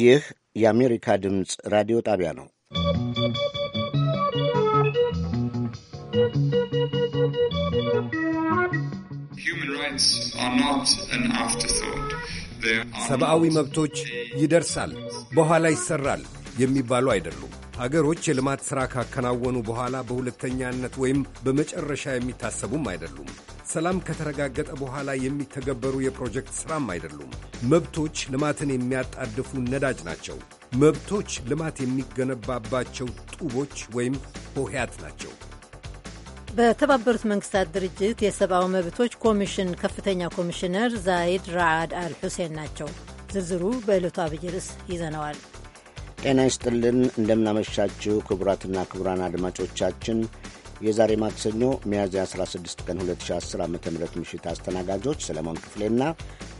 ይህ የአሜሪካ ድምፅ ራዲዮ ጣቢያ ነው። ሰብአዊ መብቶች ይደርሳል፣ በኋላ ይሰራል የሚባሉ አይደሉም። ሀገሮች የልማት ሥራ ካከናወኑ በኋላ በሁለተኛነት ወይም በመጨረሻ የሚታሰቡም አይደሉም። ሰላም ከተረጋገጠ በኋላ የሚተገበሩ የፕሮጀክት ሥራም አይደሉም። መብቶች ልማትን የሚያጣድፉ ነዳጅ ናቸው። መብቶች ልማት የሚገነባባቸው ጡቦች ወይም ሆሄያት ናቸው። በተባበሩት መንግስታት ድርጅት የሰብአዊ መብቶች ኮሚሽን ከፍተኛ ኮሚሽነር ዛይድ ራዓድ አል ሁሴን ናቸው። ዝርዝሩ በዕለቱ አብይ ርዕስ ይዘነዋል። ጤና ይስጥልን እንደምናመሻችው ክቡራትና ክቡራን አድማጮቻችን የዛሬ ማክሰኞ ሚያዝያ 16 ቀን 2010 ዓ ም ምሽት አስተናጋጆች ሰለሞን ክፍሌና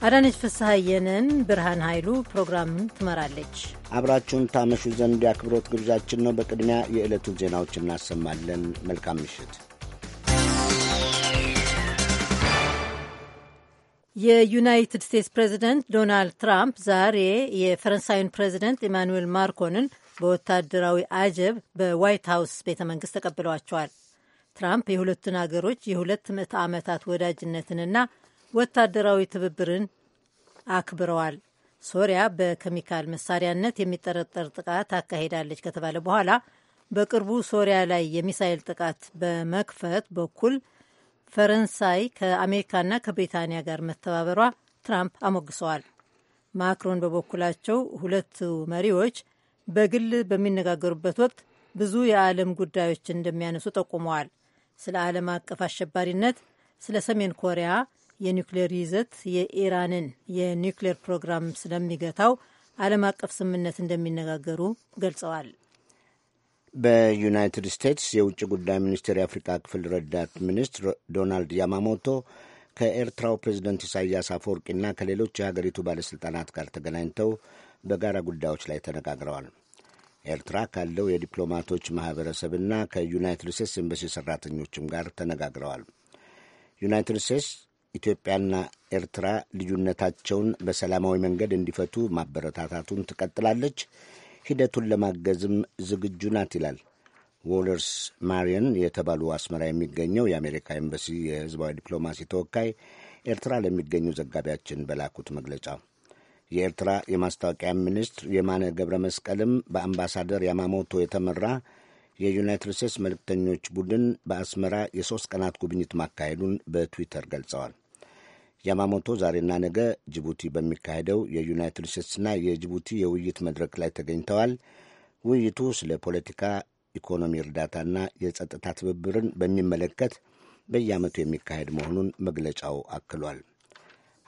አዳነች ፍስሐየንን። ብርሃን ኃይሉ ፕሮግራምን ትመራለች። አብራችሁን ታመሹ ዘንድ የአክብሮት ግብዣችን ነው። በቅድሚያ የዕለቱን ዜናዎች እናሰማለን። መልካም ምሽት። የዩናይትድ ስቴትስ ፕሬዚደንት ዶናልድ ትራምፕ ዛሬ የፈረንሳዩን ፕሬዚደንት ኢማኑዌል ማርኮንን በወታደራዊ አጀብ በዋይት ሀውስ ቤተ መንግስት ተቀብለዋቸዋል። ትራምፕ የሁለቱን አገሮች የሁለት ምዕተ ዓመታት ወዳጅነትንና ወታደራዊ ትብብርን አክብረዋል። ሶሪያ በኬሚካል መሳሪያነት የሚጠረጠር ጥቃት አካሄዳለች ከተባለ በኋላ በቅርቡ ሶሪያ ላይ የሚሳይል ጥቃት በመክፈት በኩል ፈረንሳይ ከአሜሪካና ከብሪታንያ ጋር መተባበሯ ትራምፕ አሞግሰዋል። ማክሮን በበኩላቸው ሁለቱ መሪዎች በግል በሚነጋገሩበት ወቅት ብዙ የዓለም ጉዳዮችን እንደሚያነሱ ጠቁመዋል። ስለ ዓለም አቀፍ አሸባሪነት፣ ስለ ሰሜን ኮሪያ የኒውክሌር ይዘት፣ የኢራንን የኒውክሌር ፕሮግራም ስለሚገታው ዓለም አቀፍ ስምምነት እንደሚነጋገሩ ገልጸዋል። በዩናይትድ ስቴትስ የውጭ ጉዳይ ሚኒስቴር የአፍሪካ ክፍል ረዳት ሚኒስትር ዶናልድ ያማሞቶ ከኤርትራው ፕሬዝደንት ኢሳያስ አፈወርቂና ከሌሎች የሀገሪቱ ባለሥልጣናት ጋር ተገናኝተው በጋራ ጉዳዮች ላይ ተነጋግረዋል። ኤርትራ ካለው የዲፕሎማቶች ማኅበረሰብና ከዩናይትድ ስቴትስ ኤምባሲ ሠራተኞችም ጋር ተነጋግረዋል። ዩናይትድ ስቴትስ ኢትዮጵያና ኤርትራ ልዩነታቸውን በሰላማዊ መንገድ እንዲፈቱ ማበረታታቱን ትቀጥላለች። ሂደቱን ለማገዝም ዝግጁ ናት ይላል። ዎለርስ ማሪየን የተባሉ አስመራ የሚገኘው የአሜሪካ ኤምባሲ የህዝባዊ ዲፕሎማሲ ተወካይ ኤርትራ ለሚገኙ ዘጋቢያችን በላኩት መግለጫ የኤርትራ የማስታወቂያ ሚኒስትር የማነ ገብረ መስቀልም በአምባሳደር ያማሞቶ የተመራ የዩናይትድ ስቴትስ መልእክተኞች ቡድን በአስመራ የሦስት ቀናት ጉብኝት ማካሄዱን በትዊተር ገልጸዋል። ያማሞቶ ዛሬና ነገ ጅቡቲ በሚካሄደው የዩናይትድ ስቴትስና የጅቡቲ የውይይት መድረክ ላይ ተገኝተዋል። ውይይቱ ስለ ፖለቲካ፣ ኢኮኖሚ እርዳታና የጸጥታ ትብብርን በሚመለከት በየዓመቱ የሚካሄድ መሆኑን መግለጫው አክሏል።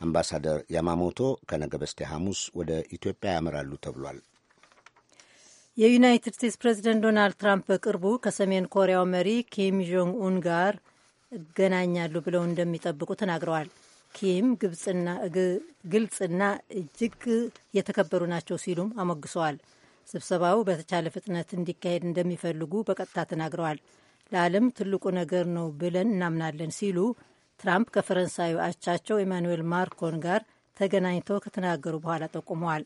አምባሳደር ያማሞቶ ከነገ በስቲያ ሐሙስ ወደ ኢትዮጵያ ያመራሉ ተብሏል። የዩናይትድ ስቴትስ ፕሬዚደንት ዶናልድ ትራምፕ በቅርቡ ከሰሜን ኮሪያው መሪ ኪም ጆንግ ኡን ጋር እገናኛሉ ብለው እንደሚጠብቁ ተናግረዋል። ኪም ግልጽና እጅግ የተከበሩ ናቸው ሲሉም አሞግሰዋል። ስብሰባው በተቻለ ፍጥነት እንዲካሄድ እንደሚፈልጉ በቀጥታ ተናግረዋል። ለዓለም ትልቁ ነገር ነው ብለን እናምናለን ሲሉ ትራምፕ ከፈረንሳዩ አቻቸው ኤማኑዌል ማክሮን ጋር ተገናኝተው ከተናገሩ በኋላ ጠቁመዋል።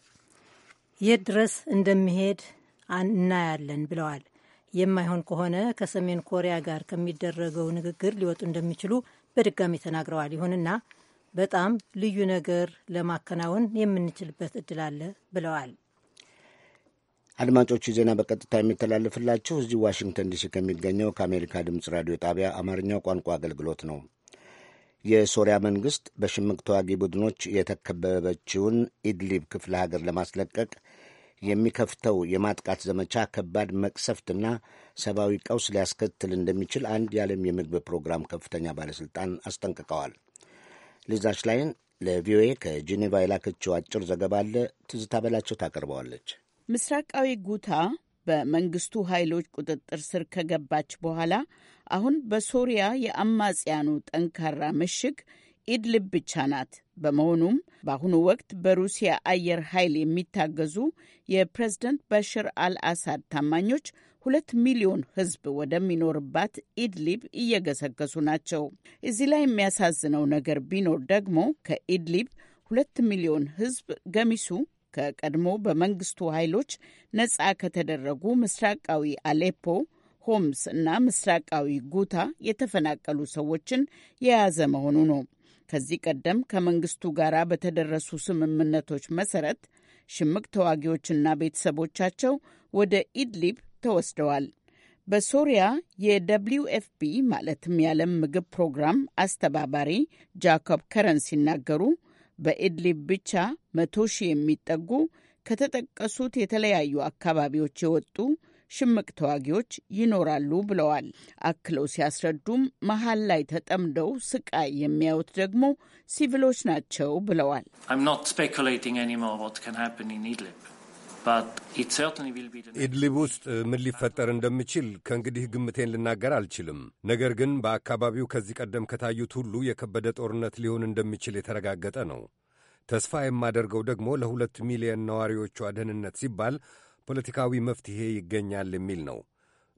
የት ድረስ እንደሚሄድ እናያለን ብለዋል። የማይሆን ከሆነ ከሰሜን ኮሪያ ጋር ከሚደረገው ንግግር ሊወጡ እንደሚችሉ በድጋሚ ተናግረዋል። ይሁንና በጣም ልዩ ነገር ለማከናወን የምንችልበት እድል አለ ብለዋል። አድማጮቹ ዜና በቀጥታ የሚተላለፍላችሁ እዚህ ዋሽንግተን ዲሲ ከሚገኘው ከአሜሪካ ድምፅ ራዲዮ ጣቢያ አማርኛው ቋንቋ አገልግሎት ነው። የሶሪያ መንግሥት በሽምቅ ተዋጊ ቡድኖች የተከበበችውን ኢድሊብ ክፍለ ሀገር ለማስለቀቅ የሚከፍተው የማጥቃት ዘመቻ ከባድ መቅሰፍትና ሰብአዊ ቀውስ ሊያስከትል እንደሚችል አንድ የዓለም የምግብ ፕሮግራም ከፍተኛ ባለሥልጣን አስጠንቅቀዋል። ሊዛሽ ላይን ለቪኦኤ ከጄኔቫ የላከችው አጭር ዘገባ አለ። ትዝታ በላቸው ታቀርበዋለች። ምስራቃዊ ጉታ በመንግስቱ ኃይሎች ቁጥጥር ስር ከገባች በኋላ አሁን በሶሪያ የአማጽያኑ ጠንካራ ምሽግ ኢድልብ ብቻ ናት። በመሆኑም በአሁኑ ወቅት በሩሲያ አየር ኃይል የሚታገዙ የፕሬዝደንት በሽር አልአሳድ ታማኞች ሁለት ሚሊዮን ህዝብ ወደሚኖርባት ኢድሊብ እየገሰገሱ ናቸው። እዚህ ላይ የሚያሳዝነው ነገር ቢኖር ደግሞ ከኢድሊብ ሁለት ሚሊዮን ህዝብ ገሚሱ ከቀድሞ በመንግስቱ ኃይሎች ነጻ ከተደረጉ ምስራቃዊ አሌፖ፣ ሆምስ እና ምስራቃዊ ጉታ የተፈናቀሉ ሰዎችን የያዘ መሆኑ ነው። ከዚህ ቀደም ከመንግስቱ ጋር በተደረሱ ስምምነቶች መሰረት ሽምቅ ተዋጊዎችና ቤተሰቦቻቸው ወደ ኢድሊብ ተወስደዋል። በሶሪያ የደብሊው ኤፍፒ ማለትም የዓለም ምግብ ፕሮግራም አስተባባሪ ጃኮብ ከረን ሲናገሩ በኢድሊብ ብቻ መቶ ሺህ የሚጠጉ ከተጠቀሱት የተለያዩ አካባቢዎች የወጡ ሽምቅ ተዋጊዎች ይኖራሉ ብለዋል። አክለው ሲያስረዱም መሀል ላይ ተጠምደው ስቃይ የሚያዩት ደግሞ ሲቪሎች ናቸው ብለዋል። ኢድሊብ ውስጥ ምን ሊፈጠር እንደሚችል ከእንግዲህ ግምቴን ልናገር አልችልም። ነገር ግን በአካባቢው ከዚህ ቀደም ከታዩት ሁሉ የከበደ ጦርነት ሊሆን እንደሚችል የተረጋገጠ ነው። ተስፋ የማደርገው ደግሞ ለሁለት ሚሊዮን ነዋሪዎቿ ደህንነት ሲባል ፖለቲካዊ መፍትሔ ይገኛል የሚል ነው።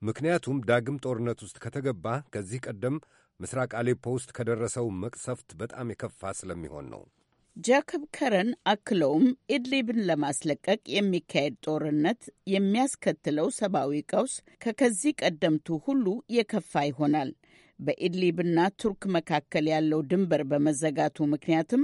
ምክንያቱም ዳግም ጦርነት ውስጥ ከተገባ ከዚህ ቀደም ምስራቅ አሌፖ ውስጥ ከደረሰው መቅሰፍት በጣም የከፋ ስለሚሆን ነው። ጃኮብ ከረን አክለውም ኢድሊብን ለማስለቀቅ የሚካሄድ ጦርነት የሚያስከትለው ሰብአዊ ቀውስ ከከዚህ ቀደምቱ ሁሉ የከፋ ይሆናል። በኢድሊብና ቱርክ መካከል ያለው ድንበር በመዘጋቱ ምክንያትም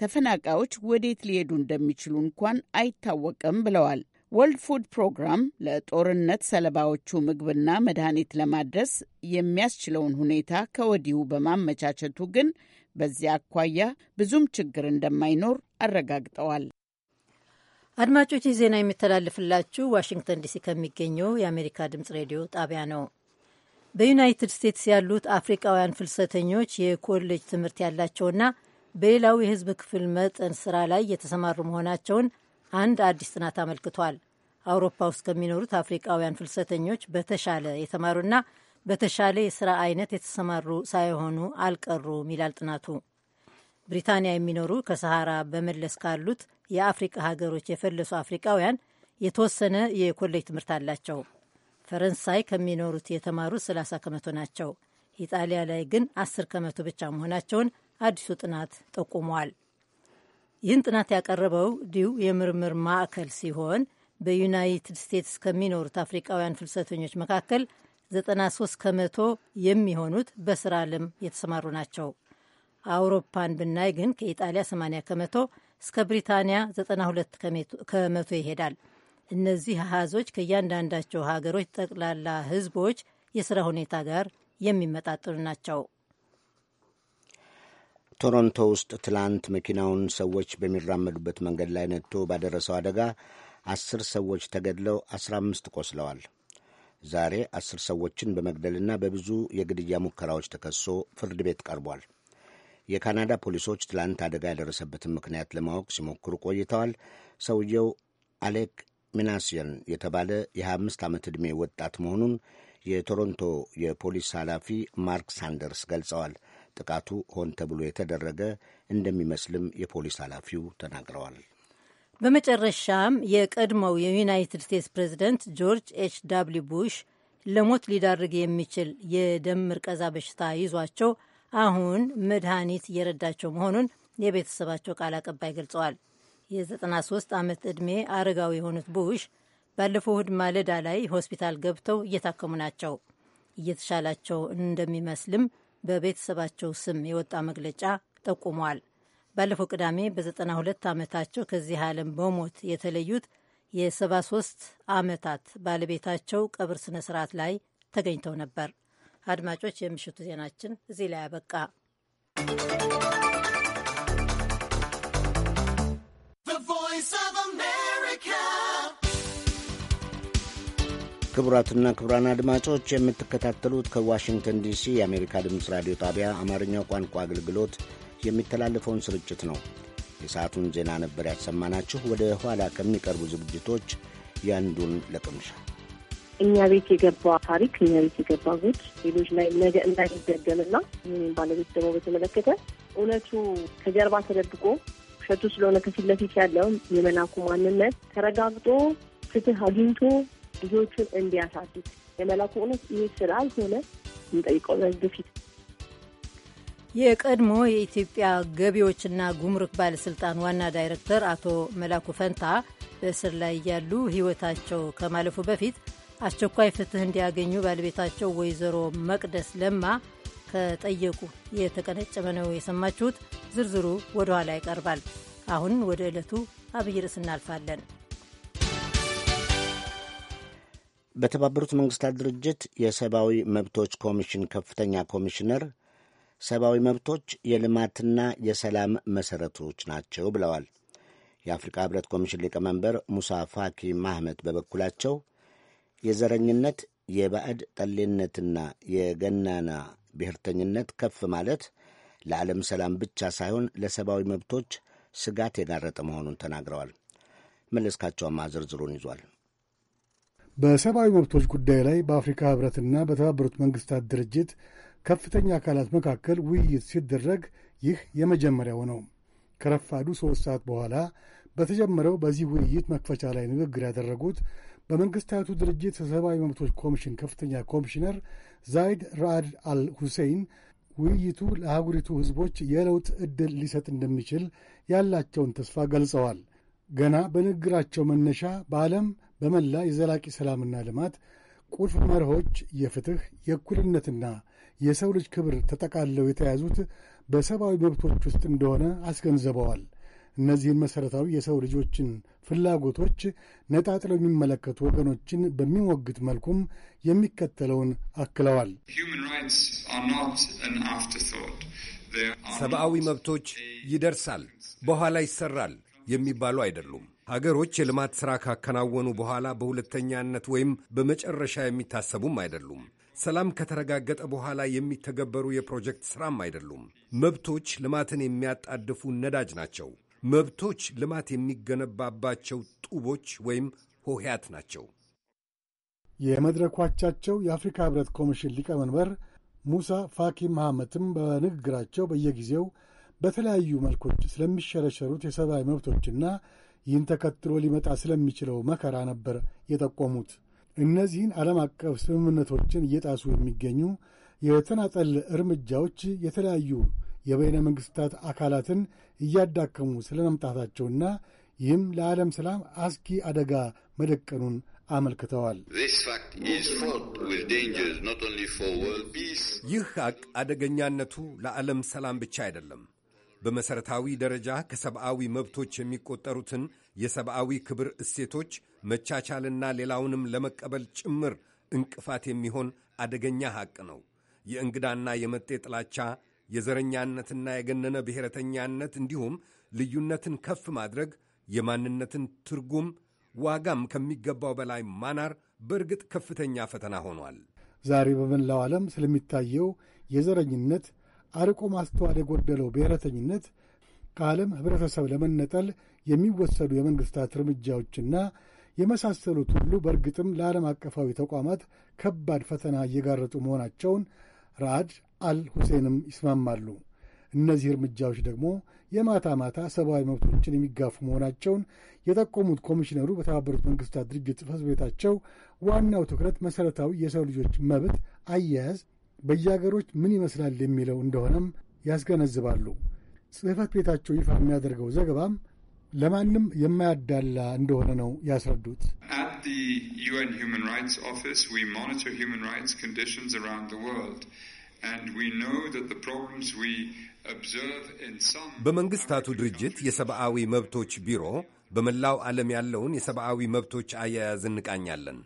ተፈናቃዮች ወዴት ሊሄዱ እንደሚችሉ እንኳን አይታወቅም ብለዋል። ወርልድ ፉድ ፕሮግራም ለጦርነት ሰለባዎቹ ምግብና መድኃኒት ለማድረስ የሚያስችለውን ሁኔታ ከወዲሁ በማመቻቸቱ ግን በዚያ አኳያ ብዙም ችግር እንደማይኖር አረጋግጠዋል። አድማጮች፣ ይህ ዜና የሚተላልፍላችሁ ዋሽንግተን ዲሲ ከሚገኘው የአሜሪካ ድምጽ ሬዲዮ ጣቢያ ነው። በዩናይትድ ስቴትስ ያሉት አፍሪካውያን ፍልሰተኞች የኮሌጅ ትምህርት ያላቸውና በሌላው የሕዝብ ክፍል መጠን ስራ ላይ የተሰማሩ መሆናቸውን አንድ አዲስ ጥናት አመልክቷል። አውሮፓ ውስጥ ከሚኖሩት አፍሪካውያን ፍልሰተኞች በተሻለ የተማሩና በተሻለ የስራ አይነት የተሰማሩ ሳይሆኑ አልቀሩም ይላል ጥናቱ። ብሪታንያ የሚኖሩ ከሰሃራ በመለስ ካሉት የአፍሪቃ ሀገሮች የፈለሱ አፍሪቃውያን የተወሰነ የኮሌጅ ትምህርት አላቸው። ፈረንሳይ ከሚኖሩት የተማሩት 30 ከመቶ ናቸው። ኢጣሊያ ላይ ግን 10 ከመቶ ብቻ መሆናቸውን አዲሱ ጥናት ጠቁመዋል። ይህን ጥናት ያቀረበው ዲው የምርምር ማዕከል ሲሆን በዩናይትድ ስቴትስ ከሚኖሩት አፍሪቃውያን ፍልሰተኞች መካከል 93 ከመቶ የሚሆኑት በስራ ዓለም የተሰማሩ ናቸው። አውሮፓን ብናይ ግን ከኢጣሊያ 80 ከመቶ እስከ ብሪታንያ 92 ከመቶ ይሄዳል። እነዚህ አሃዞች ከእያንዳንዳቸው ሀገሮች ጠቅላላ ህዝቦች የሥራ ሁኔታ ጋር የሚመጣጠኑ ናቸው። ቶሮንቶ ውስጥ ትላንት መኪናውን ሰዎች በሚራመዱበት መንገድ ላይ ነጥቶ ባደረሰው አደጋ አስር ሰዎች ተገድለው አስራ አምስት ቆስለዋል። ዛሬ አስር ሰዎችን በመግደልና በብዙ የግድያ ሙከራዎች ተከሶ ፍርድ ቤት ቀርቧል። የካናዳ ፖሊሶች ትላንት አደጋ የደረሰበትን ምክንያት ለማወቅ ሲሞክሩ ቆይተዋል። ሰውየው አሌክ ሚናስየን የተባለ የ25 ዓመት ዕድሜ ወጣት መሆኑን የቶሮንቶ የፖሊስ ኃላፊ ማርክ ሳንደርስ ገልጸዋል። ጥቃቱ ሆን ተብሎ የተደረገ እንደሚመስልም የፖሊስ ኃላፊው ተናግረዋል። በመጨረሻም የቀድሞው የዩናይትድ ስቴትስ ፕሬዚደንት ጆርጅ ኤች ዳብሊው ቡሽ ለሞት ሊዳርግ የሚችል የደም ምርቀዛ በሽታ ይዟቸው አሁን መድኃኒት እየረዳቸው መሆኑን የቤተሰባቸው ቃል አቀባይ ገልጸዋል። የ93 ዓመት ዕድሜ አረጋዊ የሆኑት ቡሽ ባለፈው እሁድ ማለዳ ላይ ሆስፒታል ገብተው እየታከሙ ናቸው። እየተሻላቸው እንደሚመስልም በቤተሰባቸው ስም የወጣ መግለጫ ጠቁሟል። ባለፈው ቅዳሜ በ92 ዓመታቸው ከዚህ ዓለም በሞት የተለዩት የ73 ዓመታት ባለቤታቸው ቀብር ስነ ስርዓት ላይ ተገኝተው ነበር። አድማጮች፣ የምሽቱ ዜናችን እዚህ ላይ አበቃ። ክቡራትና ክቡራን አድማጮች የምትከታተሉት ከዋሽንግተን ዲሲ የአሜሪካ ድምፅ ራዲዮ ጣቢያ አማርኛው ቋንቋ አገልግሎት የሚተላለፈውን ስርጭት ነው። የሰዓቱን ዜና ነበር ያሰማናችሁ። ወደ ኋላ ከሚቀርቡ ዝግጅቶች ያንዱን ለቅምሻ እኛ ቤት የገባ ታሪክ እኛ ቤት የገባ ጉድ ሌሎች ላይ ነገ እንዳይደገምና ባለቤት ደግሞ በተመለከተ እውነቱ ከጀርባ ተደብቆ ውሸቱ ስለሆነ ከፊት ለፊት ያለው የመላኩ ማንነት ተረጋግጦ ፍትህ አግኝቶ ልጆቹን እንዲያሳድግ የመላኩ እውነት ይህ ስላልሆነ እንጠይቀው በፊት የቀድሞ የኢትዮጵያ ገቢዎችና ጉምሩክ ባለሥልጣን ዋና ዳይሬክተር አቶ መላኩ ፈንታ በእስር ላይ ያሉ ሕይወታቸው ከማለፉ በፊት አስቸኳይ ፍትህ እንዲያገኙ ባለቤታቸው ወይዘሮ መቅደስ ለማ ከጠየቁ የተቀነጨበ ነው የሰማችሁት። ዝርዝሩ ወደ ኋላ ይቀርባል። አሁን ወደ ዕለቱ አብይ ርዕስ እናልፋለን። በተባበሩት መንግስታት ድርጅት የሰብአዊ መብቶች ኮሚሽን ከፍተኛ ኮሚሽነር ሰብአዊ መብቶች የልማትና የሰላም መሠረቶች ናቸው ብለዋል። የአፍሪካ ህብረት ኮሚሽን ሊቀመንበር ሙሳ ፋኪ ማህመድ በበኩላቸው የዘረኝነት የባዕድ ጠሌነትና የገናና ብሔርተኝነት ከፍ ማለት ለዓለም ሰላም ብቻ ሳይሆን ለሰብአዊ መብቶች ስጋት የጋረጠ መሆኑን ተናግረዋል። መለስካቸውማ ዝርዝሩን ይዟል። በሰብአዊ መብቶች ጉዳይ ላይ በአፍሪካ ህብረትና በተባበሩት መንግስታት ድርጅት ከፍተኛ አካላት መካከል ውይይት ሲደረግ ይህ የመጀመሪያው ነው። ከረፋዱ ሦስት ሰዓት በኋላ በተጀመረው በዚህ ውይይት መክፈቻ ላይ ንግግር ያደረጉት በመንግስታቱ ድርጅት የሰብአዊ መብቶች ኮሚሽን ከፍተኛ ኮሚሽነር ዛይድ ራአድ አል ሁሴይን ውይይቱ ለአህጉሪቱ ሕዝቦች የለውጥ ዕድል ሊሰጥ እንደሚችል ያላቸውን ተስፋ ገልጸዋል። ገና በንግግራቸው መነሻ በዓለም በመላ የዘላቂ ሰላምና ልማት ቁልፍ መርሆች የፍትሕ፣ የእኩልነትና የሰው ልጅ ክብር ተጠቃለው የተያዙት በሰብአዊ መብቶች ውስጥ እንደሆነ አስገንዝበዋል። እነዚህን መሠረታዊ የሰው ልጆችን ፍላጎቶች ነጣጥለው የሚመለከቱ ወገኖችን በሚሞግት መልኩም የሚከተለውን አክለዋል። ሰብአዊ መብቶች ይደርሳል፣ በኋላ ይሰራል የሚባሉ አይደሉም። ሀገሮች የልማት ሥራ ካከናወኑ በኋላ በሁለተኛነት ወይም በመጨረሻ የሚታሰቡም አይደሉም። ሰላም ከተረጋገጠ በኋላ የሚተገበሩ የፕሮጀክት ሥራም አይደሉም። መብቶች ልማትን የሚያጣድፉ ነዳጅ ናቸው። መብቶች ልማት የሚገነባባቸው ጡቦች ወይም ሆሄያት ናቸው። የመድረኳቻቸው የአፍሪካ ህብረት ኮሚሽን ሊቀመንበር ሙሳ ፋኪ መሐመትም በንግግራቸው በየጊዜው በተለያዩ መልኮች ስለሚሸረሸሩት የሰብአዊ መብቶችና ይህን ተከትሎ ሊመጣ ስለሚችለው መከራ ነበር የጠቆሙት። እነዚህን ዓለም አቀፍ ስምምነቶችን እየጣሱ የሚገኙ የተናጠል እርምጃዎች የተለያዩ የበይነ መንግሥታት አካላትን እያዳከሙ ስለ መምጣታቸውና ይህም ለዓለም ሰላም አስጊ አደጋ መደቀኑን አመልክተዋል። ይህ አደገኛነቱ ለዓለም ሰላም ብቻ አይደለም በመሠረታዊ ደረጃ ከሰብአዊ መብቶች የሚቆጠሩትን የሰብአዊ ክብር እሴቶች መቻቻልና ሌላውንም ለመቀበል ጭምር እንቅፋት የሚሆን አደገኛ ሐቅ ነው። የእንግዳና የመጤ ጥላቻ፣ የዘረኛነትና የገነነ ብሔረተኛነት እንዲሁም ልዩነትን ከፍ ማድረግ የማንነትን ትርጉም ዋጋም ከሚገባው በላይ ማናር በእርግጥ ከፍተኛ ፈተና ሆኗል። ዛሬ በመላው ዓለም ስለሚታየው የዘረኝነት አርቆ ማስተዋል የጎደለው ብሔረተኝነት ከዓለም ኅብረተሰብ ለመነጠል የሚወሰዱ የመንግሥታት እርምጃዎችና የመሳሰሉት ሁሉ በእርግጥም ለዓለም አቀፋዊ ተቋማት ከባድ ፈተና እየጋረጡ መሆናቸውን ራአድ አል ሁሴንም ይስማማሉ። እነዚህ እርምጃዎች ደግሞ የማታ ማታ ሰብአዊ መብቶችን የሚጋፉ መሆናቸውን የጠቆሙት ኮሚሽነሩ በተባበሩት መንግሥታት ድርጅት ጽሕፈት ቤታቸው ዋናው ትኩረት መሠረታዊ የሰው ልጆች መብት አያያዝ በየአገሮች ምን ይመስላል የሚለው እንደሆነም ያስገነዝባሉ። ጽሕፈት ቤታቸው ይፋ የሚያደርገው ዘገባም ለማንም የማያዳላ እንደሆነ ነው ያስረዱት። በመንግሥታቱ ድርጅት የሰብአዊ መብቶች ቢሮ በመላው ዓለም ያለውን የሰብአዊ መብቶች አያያዝ እንቃኛለን።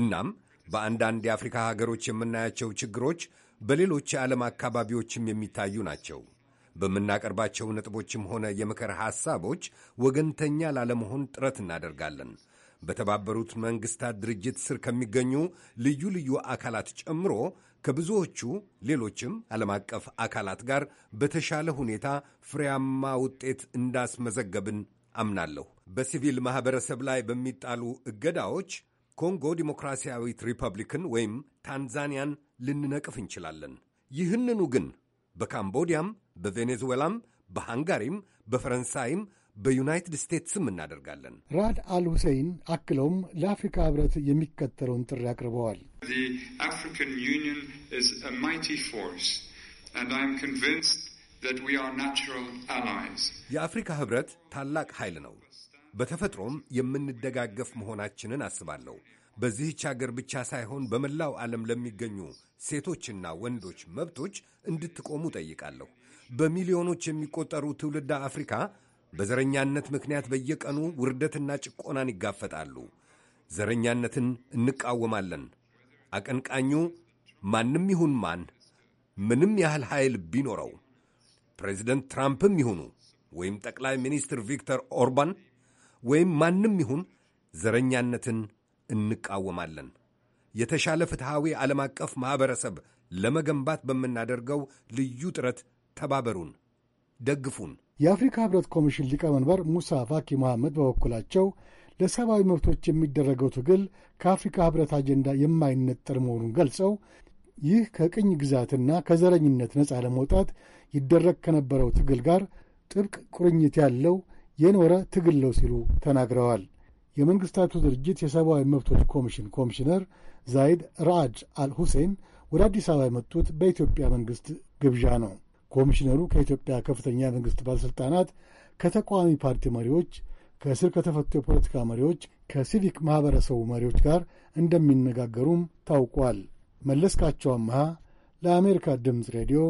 እናም በአንዳንድ የአፍሪካ ሀገሮች የምናያቸው ችግሮች በሌሎች የዓለም አካባቢዎችም የሚታዩ ናቸው። በምናቀርባቸው ነጥቦችም ሆነ የምክር ሐሳቦች ወገንተኛ ላለመሆን ጥረት እናደርጋለን። በተባበሩት መንግሥታት ድርጅት ስር ከሚገኙ ልዩ ልዩ አካላት ጨምሮ ከብዙዎቹ ሌሎችም ዓለም አቀፍ አካላት ጋር በተሻለ ሁኔታ ፍሬያማ ውጤት እንዳስመዘገብን አምናለሁ። በሲቪል ማኅበረሰብ ላይ በሚጣሉ እገዳዎች ኮንጎ ዲሞክራሲያዊት ሪፐብሊክን ወይም ታንዛኒያን ልንነቅፍ እንችላለን። ይህንኑ ግን በካምቦዲያም፣ በቬኔዙዌላም፣ በሃንጋሪም፣ በፈረንሳይም በዩናይትድ ስቴትስም እናደርጋለን። ራድ አል ሁሴይን አክለውም ለአፍሪካ ህብረት የሚከተለውን ጥሪ አቅርበዋል። የአፍሪካ ህብረት ታላቅ ኃይል ነው። በተፈጥሮም የምንደጋገፍ መሆናችንን አስባለሁ። በዚህች አገር ብቻ ሳይሆን በመላው ዓለም ለሚገኙ ሴቶችና ወንዶች መብቶች እንድትቆሙ ጠይቃለሁ። በሚሊዮኖች የሚቆጠሩ ትውልደ አፍሪካ በዘረኛነት ምክንያት በየቀኑ ውርደትና ጭቆናን ይጋፈጣሉ። ዘረኛነትን እንቃወማለን። አቀንቃኙ ማንም ይሁን ማን ምንም ያህል ኃይል ቢኖረው ፕሬዚደንት ትራምፕም ይሁኑ ወይም ጠቅላይ ሚኒስትር ቪክተር ኦርባን ወይም ማንም ይሁን ዘረኛነትን እንቃወማለን። የተሻለ ፍትሐዊ ዓለም አቀፍ ማኅበረሰብ ለመገንባት በምናደርገው ልዩ ጥረት ተባበሩን፣ ደግፉን። የአፍሪካ ህብረት ኮሚሽን ሊቀመንበር ሙሳ ፋኪ መሐመድ በበኩላቸው ለሰብአዊ መብቶች የሚደረገው ትግል ከአፍሪካ ህብረት አጀንዳ የማይነጠር መሆኑን ገልጸው ይህ ከቅኝ ግዛትና ከዘረኝነት ነፃ ለመውጣት ይደረግ ከነበረው ትግል ጋር ጥብቅ ቁርኝት ያለው የኖረ ትግል ነው ሲሉ ተናግረዋል። የመንግስታቱ ድርጅት የሰብአዊ መብቶች ኮሚሽን ኮሚሽነር ዛይድ ራአድ አል ሁሴን ወደ አዲስ አበባ የመጡት በኢትዮጵያ መንግስት ግብዣ ነው። ኮሚሽነሩ ከኢትዮጵያ ከፍተኛ መንግስት ባለሥልጣናት፣ ከተቃዋሚ ፓርቲ መሪዎች፣ ከእስር ከተፈቱ የፖለቲካ መሪዎች፣ ከሲቪክ ማኅበረሰቡ መሪዎች ጋር እንደሚነጋገሩም ታውቋል። መለስካቸው አመሃ ለአሜሪካ ድምፅ ሬዲዮ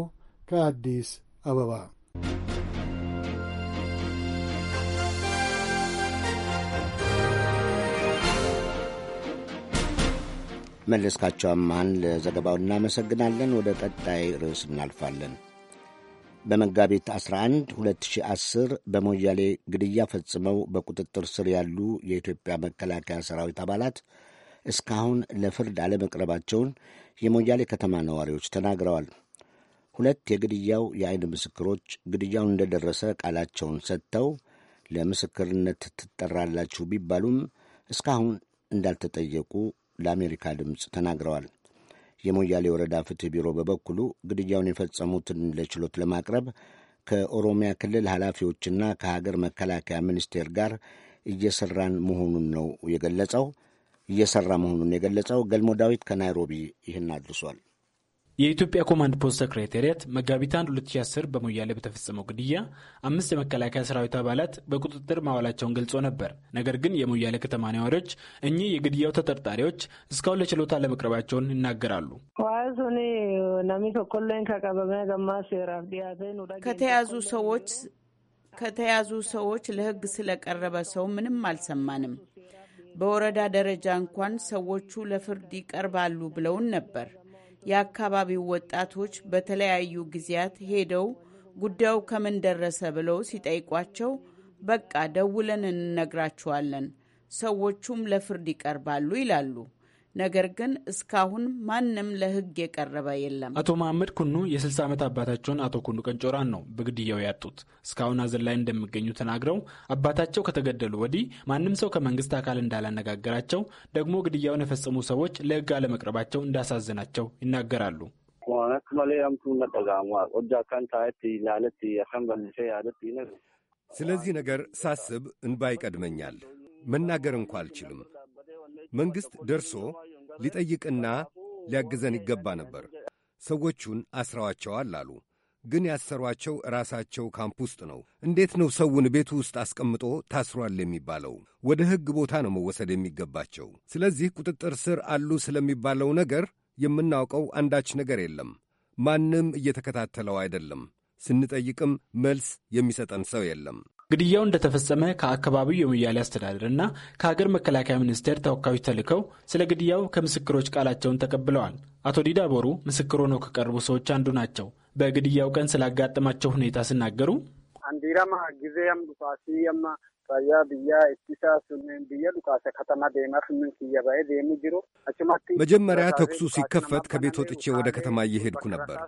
ከአዲስ አበባ መለስካቸው አማህን ለዘገባው እናመሰግናለን። ወደ ቀጣይ ርዕስ እናልፋለን። በመጋቢት 11 2010 በሞያሌ ግድያ ፈጽመው በቁጥጥር ስር ያሉ የኢትዮጵያ መከላከያ ሰራዊት አባላት እስካሁን ለፍርድ አለመቅረባቸውን የሞያሌ ከተማ ነዋሪዎች ተናግረዋል። ሁለት የግድያው የአይን ምስክሮች ግድያውን እንደደረሰ ቃላቸውን ሰጥተው ለምስክርነት ትጠራላችሁ ቢባሉም እስካሁን እንዳልተጠየቁ ለአሜሪካ ድምፅ ተናግረዋል። የሞያሌ ወረዳ ፍትህ ቢሮ በበኩሉ ግድያውን የፈጸሙትን ለችሎት ለማቅረብ ከኦሮሚያ ክልል ኃላፊዎችና ከሀገር መከላከያ ሚኒስቴር ጋር እየሰራን መሆኑን ነው የገለጸው እየሰራ መሆኑን የገለጸው ገልሞ ዳዊት ከናይሮቢ ይህን አድርሷል። የኢትዮጵያ ኮማንድ ፖስት ሰክሬታሪያት መጋቢት 1 2010 በሞያሌ በተፈጸመው ግድያ አምስት የመከላከያ ሰራዊት አባላት በቁጥጥር ማዋላቸውን ገልጾ ነበር። ነገር ግን የሞያሌ ከተማ ነዋሪዎች እኚህ የግድያው ተጠርጣሪዎች እስካሁን ለችሎታ ለመቅረባቸውን ይናገራሉ። ከተያዙ ሰዎች ከተያዙ ሰዎች ለሕግ ስለቀረበ ሰው ምንም አልሰማንም። በወረዳ ደረጃ እንኳን ሰዎቹ ለፍርድ ይቀርባሉ ብለውን ነበር የአካባቢው ወጣቶች በተለያዩ ጊዜያት ሄደው ጉዳዩ ከምን ደረሰ ብለው ሲጠይቋቸው በቃ ደውለን እንነግራችኋለን፣ ሰዎቹም ለፍርድ ይቀርባሉ ይላሉ። ነገር ግን እስካሁን ማንም ለህግ የቀረበ የለም። አቶ መሐመድ ኩኑ የ60 ዓመት አባታቸውን አቶ ኩኑ ቀንጮራን ነው በግድያው ያጡት። እስካሁን ሐዘን ላይ እንደሚገኙ ተናግረው አባታቸው ከተገደሉ ወዲህ ማንም ሰው ከመንግስት አካል እንዳላነጋገራቸው፣ ደግሞ ግድያውን የፈጸሙ ሰዎች ለህግ አለመቅረባቸው እንዳሳዘናቸው ይናገራሉ። ስለዚህ ነገር ሳስብ እንባ ይቀድመኛል። መናገር እንኳ አልችልም። መንግሥት ደርሶ ሊጠይቅና ሊያግዘን ይገባ ነበር። ሰዎቹን አስረዋቸዋል አሉ። ግን ያሰሯቸው ራሳቸው ካምፕ ውስጥ ነው። እንዴት ነው ሰውን ቤቱ ውስጥ አስቀምጦ ታስሯል የሚባለው? ወደ ሕግ ቦታ ነው መወሰድ የሚገባቸው። ስለዚህ ቁጥጥር ስር አሉ ስለሚባለው ነገር የምናውቀው አንዳች ነገር የለም። ማንም እየተከታተለው አይደለም። ስንጠይቅም መልስ የሚሰጠን ሰው የለም። ግድያው እንደተፈጸመ ከአካባቢው የሙያሌ እና ከሀገር መከላከያ ሚኒስቴር ተወካዮች ተልከው ስለ ግድያው ከምስክሮች ቃላቸውን ተቀብለዋል። አቶ ዲዳ ቦሩ ምስክር ሆነው ከቀረቡ ሰዎች አንዱ ናቸው። በግድያው ቀን ስላጋጠማቸው ሁኔታ ሲናገሩ አንዲራማ ጊዜ ማ ራያ ብያ እቲሳ ሱኔን ብያ ዱቃሰ ከተማ ደማ ስምን ክየባኤ ደሚ ጅሩ መጀመሪያ ተኩሱ ሲከፈት ከቤት ወጥቼ ወደ ከተማ እየሄድኩ ነበር።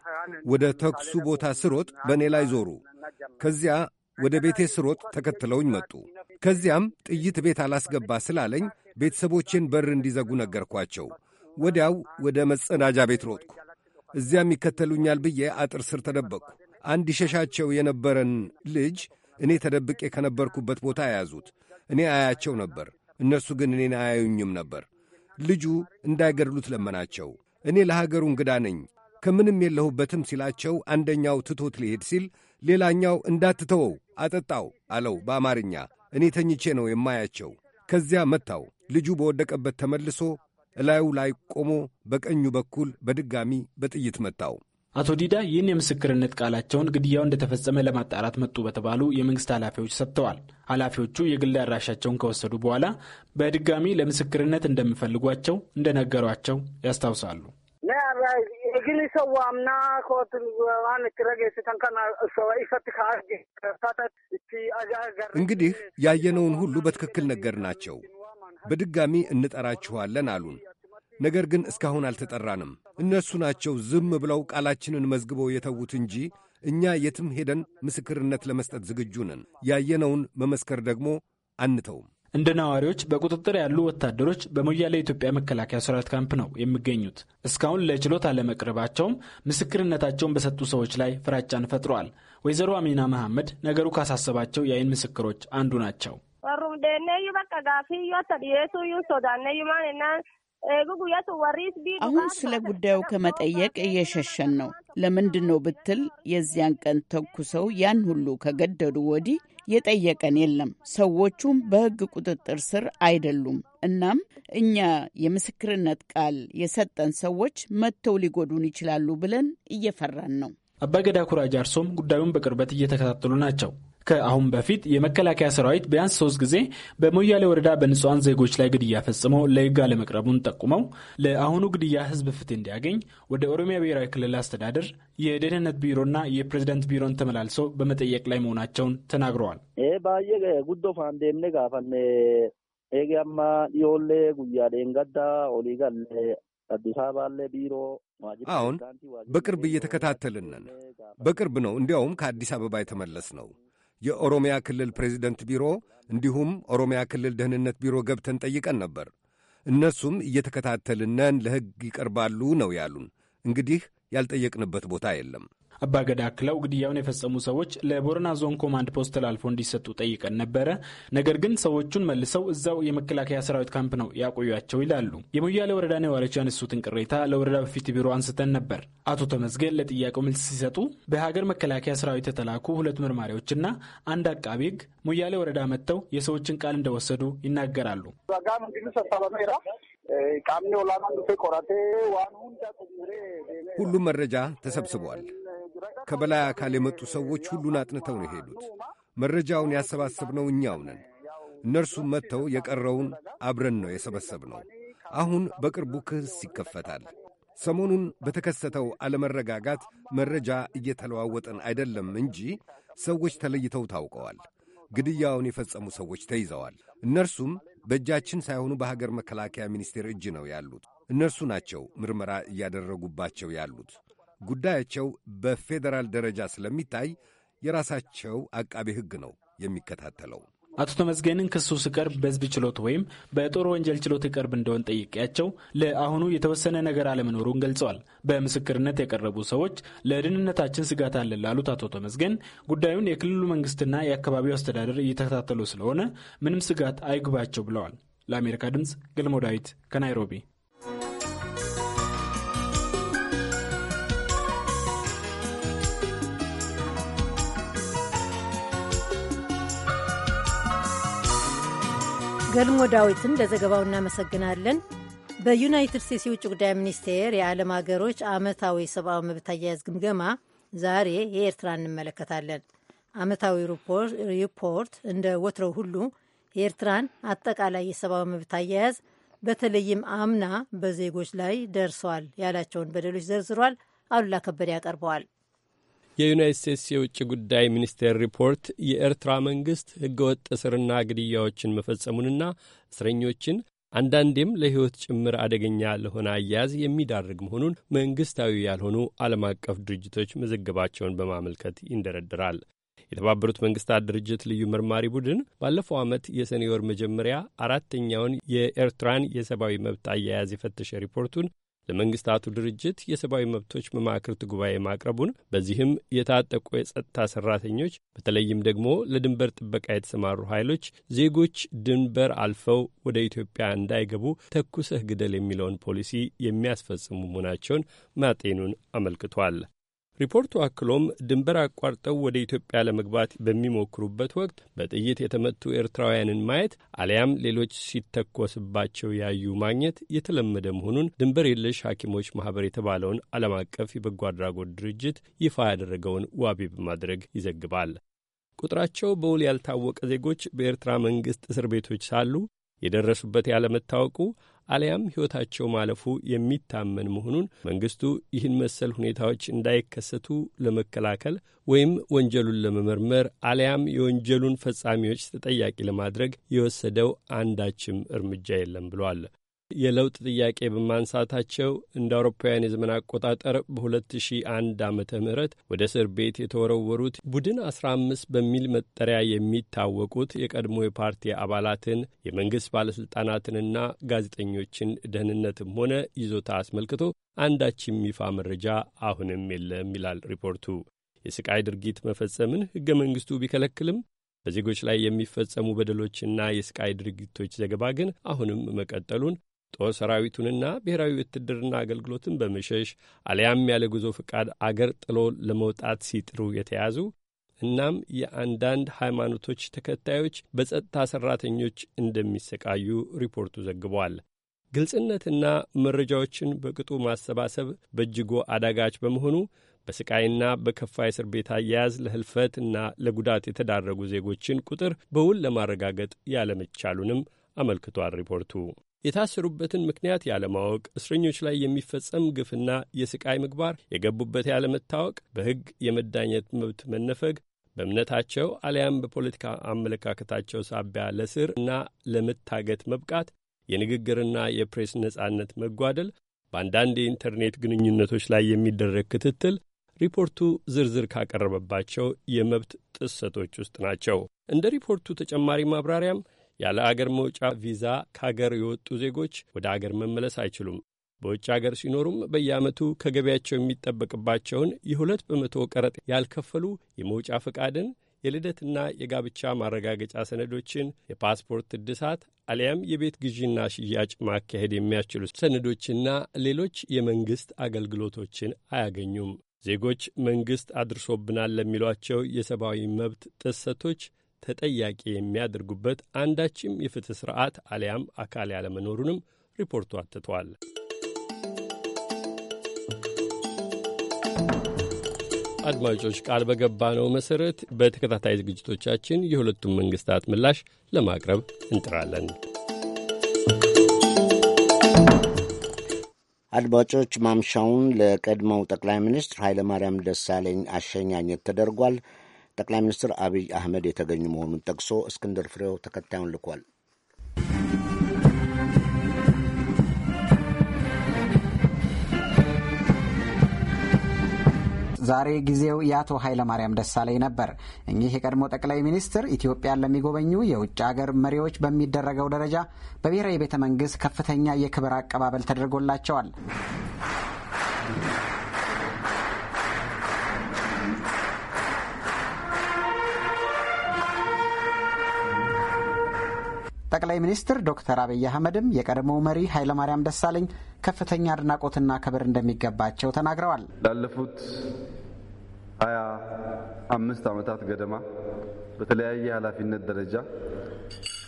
ወደ ተኩሱ ቦታ ስሮጥ በእኔ ላይ ዞሩ። ከዚያ ወደ ቤቴ ስሮጥ ተከትለውኝ መጡ። ከዚያም ጥይት ቤት አላስገባ ስላለኝ ቤተሰቦቼን በር እንዲዘጉ ነገርኳቸው። ወዲያው ወደ መጸዳጃ ቤት ሮጥኩ። እዚያም ይከተሉኛል ብዬ አጥር ስር ተደበቅኩ። አንድ ይሸሻቸው የነበረን ልጅ እኔ ተደብቄ ከነበርኩበት ቦታ የያዙት። እኔ አያቸው ነበር፣ እነርሱ ግን እኔን አያዩኝም ነበር። ልጁ እንዳይገድሉት ለመናቸው። እኔ ለሀገሩ እንግዳ ነኝ ከምንም የለሁበትም ሲላቸው አንደኛው ትቶት ሊሄድ ሲል ሌላኛው እንዳትተወው አጠጣው አለው በአማርኛ። እኔ ተኝቼ ነው የማያቸው። ከዚያ መታው። ልጁ በወደቀበት ተመልሶ እላዩ ላይ ቆሞ በቀኙ በኩል በድጋሚ በጥይት መታው። አቶ ዲዳ ይህን የምስክርነት ቃላቸውን ግድያው እንደተፈጸመ ለማጣራት መጡ በተባሉ የመንግስት ኃላፊዎች ሰጥተዋል። ኃላፊዎቹ የግል አድራሻቸውን ከወሰዱ በኋላ በድጋሚ ለምስክርነት እንደሚፈልጓቸው እንደነገሯቸው ያስታውሳሉ። Eegilisa waamnaa kootu waan itti rageessitan kana saba ifatti እንግዲህ ያየነውን ሁሉ በትክክል ነገርናቸው። በድጋሚ እንጠራችኋለን አሉን። ነገር ግን እስካሁን አልተጠራንም። እነሱ ናቸው ዝም ብለው ቃላችንን መዝግበው የተዉት እንጂ እኛ የትም ሄደን ምስክርነት ለመስጠት ዝግጁ ነን። ያየነውን መመስከር ደግሞ አንተውም። እንደ ነዋሪዎች በቁጥጥር ያሉ ወታደሮች በሞያሌ የኢትዮጵያ መከላከያ ሰራዊት ካምፕ ነው የሚገኙት። እስካሁን ለችሎት አለመቅረባቸውም ምስክርነታቸውን በሰጡ ሰዎች ላይ ፍራጫን ፈጥሯል። ወይዘሮ አሚና መሐመድ ነገሩ ካሳሰባቸው የአይን ምስክሮች አንዱ ናቸው። አሁን ስለ ጉዳዩ ከመጠየቅ እየሸሸን ነው። ለምንድን ነው ብትል የዚያን ቀን ተኩሰው ያን ሁሉ ከገደሉ ወዲህ የጠየቀን የለም። ሰዎቹም በሕግ ቁጥጥር ስር አይደሉም። እናም እኛ የምስክርነት ቃል የሰጠን ሰዎች መጥተው ሊጎዱን ይችላሉ ብለን እየፈራን ነው። አባገዳ ኩራጅ አርሶም ጉዳዩን በቅርበት እየተከታተሉ ናቸው። ከአሁን በፊት የመከላከያ ሰራዊት ቢያንስ ሶስት ጊዜ በሞያሌ ወረዳ በንጹሐን ዜጎች ላይ ግድያ ፈጽመው ለህግ አለመቅረቡን ጠቁመው ለአሁኑ ግድያ ህዝብ ፍትህ እንዲያገኝ ወደ ኦሮሚያ ብሔራዊ ክልል አስተዳደር የደህንነት ቢሮና የፕሬዝዳንት ቢሮን ተመላልሰው በመጠየቅ ላይ መሆናቸውን ተናግረዋል። አሁን በቅርብ እየተከታተልንን በቅርብ ነው፣ እንዲያውም ከአዲስ አበባ የተመለስ ነው። የኦሮሚያ ክልል ፕሬዚደንት ቢሮ እንዲሁም ኦሮሚያ ክልል ደህንነት ቢሮ ገብተን ጠይቀን ነበር። እነሱም እየተከታተልነን ለሕግ ይቀርባሉ ነው ያሉን። እንግዲህ ያልጠየቅንበት ቦታ የለም። አባገዳ አክለው ግድያውን የፈጸሙ ሰዎች ለቦረና ዞን ኮማንድ ፖስት ተላልፎ እንዲሰጡ ጠይቀን ነበረ። ነገር ግን ሰዎቹን መልሰው እዛው የመከላከያ ሰራዊት ካምፕ ነው ያቆዩቸው ይላሉ። የሞያሌ ወረዳ ነዋሪዎች ያነሱትን ቅሬታ ለወረዳ በፊት ቢሮ አንስተን ነበር። አቶ ተመዝገን ለጥያቄው መልስ ሲሰጡ በሀገር መከላከያ ሰራዊት የተላኩ ሁለት መርማሪዎችና አንድ አቃቢ ህግ ሞያሌ ወረዳ መጥተው የሰዎችን ቃል እንደወሰዱ ይናገራሉ። ሁሉም መረጃ ተሰብስቧል። ከበላይ አካል የመጡ ሰዎች ሁሉን አጥንተው ነው የሄዱት። መረጃውን ያሰባሰብነው እኛው ነን። እነርሱም መጥተው የቀረውን አብረን ነው የሰበሰብነው። አሁን በቅርቡ ክስ ይከፈታል። ሰሞኑን በተከሰተው አለመረጋጋት መረጃ እየተለዋወጠን አይደለም እንጂ ሰዎች ተለይተው ታውቀዋል። ግድያውን የፈጸሙ ሰዎች ተይዘዋል። እነርሱም በእጃችን ሳይሆኑ በሀገር መከላከያ ሚኒስቴር እጅ ነው ያሉት። እነርሱ ናቸው ምርመራ እያደረጉባቸው ያሉት። ጉዳያቸው በፌዴራል ደረጃ ስለሚታይ የራሳቸው አቃቤ ሕግ ነው የሚከታተለው። አቶ ተመስገንን ክሱ ስቀርብ በህዝብ ችሎት ወይም በጦር ወንጀል ችሎት ይቀርብ እንደሆን ጠይቄያቸው ለአሁኑ የተወሰነ ነገር አለመኖሩን ገልጸዋል። በምስክርነት የቀረቡ ሰዎች ለደህንነታችን ስጋት አለን ላሉት አቶ ተመስገን ጉዳዩን የክልሉ መንግስትና የአካባቢው አስተዳደር እየተከታተሉ ስለሆነ ምንም ስጋት አይግባቸው ብለዋል። ለአሜሪካ ድምፅ ገልሞ ዳዊት ከናይሮቢ ገልሞ ዳዊትን ለዘገባው እናመሰግናለን። በዩናይትድ ስቴትስ የውጭ ጉዳይ ሚኒስቴር የዓለም ሀገሮች ዓመታዊ ሰብአዊ መብት አያያዝ ግምገማ ዛሬ የኤርትራ እንመለከታለን። ዓመታዊ ሪፖርት እንደ ወትረው ሁሉ የኤርትራን አጠቃላይ የሰብአዊ መብት አያያዝ በተለይም አምና በዜጎች ላይ ደርሰዋል ያላቸውን በደሎች ዘርዝሯል። አሉላ ከበደ ያቀርበዋል። የዩናይት ስቴትስ የውጭ ጉዳይ ሚኒስቴር ሪፖርት የኤርትራ መንግሥት ህገወጥ እስርና ግድያዎችን መፈጸሙንና እስረኞችን አንዳንዴም ለሕይወት ጭምር አደገኛ ለሆነ አያያዝ የሚዳርግ መሆኑን መንግሥታዊ ያልሆኑ ዓለም አቀፍ ድርጅቶች መዘገባቸውን በማመልከት ይንደረድራል። የተባበሩት መንግስታት ድርጅት ልዩ መርማሪ ቡድን ባለፈው ዓመት የሰኔ ወር መጀመሪያ አራተኛውን የኤርትራን የሰብአዊ መብት አያያዝ የፈተሸ ሪፖርቱን ለመንግስታቱ ድርጅት የሰብአዊ መብቶች መማክርት ጉባኤ ማቅረቡን በዚህም የታጠቁ የጸጥታ ሰራተኞች በተለይም ደግሞ ለድንበር ጥበቃ የተሰማሩ ኃይሎች ዜጎች ድንበር አልፈው ወደ ኢትዮጵያ እንዳይገቡ ተኩሰህ ግደል የሚለውን ፖሊሲ የሚያስፈጽሙ መሆናቸውን ማጤኑን አመልክቷል። ሪፖርቱ አክሎም ድንበር አቋርጠው ወደ ኢትዮጵያ ለመግባት በሚሞክሩበት ወቅት በጥይት የተመቱ ኤርትራውያንን ማየት አሊያም ሌሎች ሲተኮስባቸው ያዩ ማግኘት የተለመደ መሆኑን ድንበር የለሽ ሐኪሞች ማኅበር የተባለውን ዓለም አቀፍ የበጎ አድራጎት ድርጅት ይፋ ያደረገውን ዋቢ በማድረግ ይዘግባል። ቁጥራቸው በውል ያልታወቀ ዜጎች በኤርትራ መንግሥት እስር ቤቶች ሳሉ የደረሱበት ያለመታወቁ አሊያም ሕይወታቸው ማለፉ የሚታመን መሆኑን መንግሥቱ ይህን መሰል ሁኔታዎች እንዳይከሰቱ ለመከላከል ወይም ወንጀሉን ለመመርመር አሊያም የወንጀሉን ፈጻሚዎች ተጠያቂ ለማድረግ የወሰደው አንዳችም እርምጃ የለም ብሏል። የለውጥ ጥያቄ በማንሳታቸው እንደ አውሮፓውያን የዘመን አቆጣጠር በ2001 ዓ ም ወደ እስር ቤት የተወረወሩት ቡድን 15 በሚል መጠሪያ የሚታወቁት የቀድሞ የፓርቲ አባላትን የመንግሥት ባለሥልጣናትንና ጋዜጠኞችን ደህንነትም ሆነ ይዞታ አስመልክቶ አንዳችም ይፋ መረጃ አሁንም የለም ይላል ሪፖርቱ። የስቃይ ድርጊት መፈጸምን ሕገ መንግሥቱ ቢከለክልም በዜጎች ላይ የሚፈጸሙ በደሎችና የስቃይ ድርጊቶች ዘገባ ግን አሁንም መቀጠሉን ጦር ሰራዊቱንና ብሔራዊ ውትድርና አገልግሎትን በመሸሽ አሊያም ያለ ጉዞ ፈቃድ አገር ጥሎ ለመውጣት ሲጥሩ የተያዙ እናም የአንዳንድ ሃይማኖቶች ተከታዮች በጸጥታ ሠራተኞች እንደሚሰቃዩ ሪፖርቱ ዘግቧል። ግልጽነትና መረጃዎችን በቅጡ ማሰባሰብ በእጅጉ አዳጋች በመሆኑ በስቃይና በከፋ እስር ቤት አያያዝ ለህልፈትና ለጉዳት የተዳረጉ ዜጎችን ቁጥር በውል ለማረጋገጥ ያለመቻሉንም አመልክቷል ሪፖርቱ። የታሰሩበትን ምክንያት ያለማወቅ፣ እስረኞች ላይ የሚፈጸም ግፍና የስቃይ ምግባር፣ የገቡበት ያለመታወቅ፣ በሕግ የመዳኘት መብት መነፈግ፣ በእምነታቸው አሊያም በፖለቲካ አመለካከታቸው ሳቢያ ለስር እና ለመታገት መብቃት፣ የንግግርና የፕሬስ ነጻነት መጓደል፣ በአንዳንድ የኢንተርኔት ግንኙነቶች ላይ የሚደረግ ክትትል ሪፖርቱ ዝርዝር ካቀረበባቸው የመብት ጥሰቶች ውስጥ ናቸው። እንደ ሪፖርቱ ተጨማሪ ማብራሪያም ያለ አገር መውጫ ቪዛ ከአገር የወጡ ዜጎች ወደ አገር መመለስ አይችሉም። በውጭ አገር ሲኖሩም በየዓመቱ ከገቢያቸው የሚጠበቅባቸውን የሁለት በመቶ ቀረጥ ያልከፈሉ የመውጫ ፈቃድን፣ የልደትና የጋብቻ ማረጋገጫ ሰነዶችን፣ የፓስፖርት እድሳት አሊያም የቤት ግዢና ሽያጭ ማካሄድ የሚያስችሉ ሰነዶችና ሌሎች የመንግሥት አገልግሎቶችን አያገኙም። ዜጎች መንግሥት አድርሶብናል ለሚሏቸው የሰብአዊ መብት ጥሰቶች ተጠያቂ የሚያደርጉበት አንዳችም የፍትሕ ሥርዓት አሊያም አካል ያለመኖሩንም ሪፖርቱ አትተዋል። አድማጮች፣ ቃል በገባነው መሠረት በተከታታይ ዝግጅቶቻችን የሁለቱም መንግሥታት ምላሽ ለማቅረብ እንጥራለን። አድማጮች፣ ማምሻውን ለቀድሞው ጠቅላይ ሚኒስትር ኃይለማርያም ደሳለኝ አሸኛኘት ተደርጓል። ጠቅላይ ሚኒስትር አብይ አህመድ የተገኙ መሆኑን ጠቅሶ እስክንድር ፍሬው ተከታዩን ልኳል። ዛሬ ጊዜው የአቶ ኃይለማርያም ደሳለኝ ነበር። እኚህ የቀድሞ ጠቅላይ ሚኒስትር ኢትዮጵያን ለሚጎበኙ የውጭ ሀገር መሪዎች በሚደረገው ደረጃ በብሔራዊ ቤተ መንግስት ከፍተኛ የክብር አቀባበል ተደርጎላቸዋል። ጠቅላይ ሚኒስትር ዶክተር አብይ አህመድም የቀድሞው መሪ ኃይለማርያም ደሳለኝ ከፍተኛ አድናቆትና ክብር እንደሚገባቸው ተናግረዋል። ላለፉት ሀያ አምስት ዓመታት ገደማ በተለያየ ኃላፊነት ደረጃ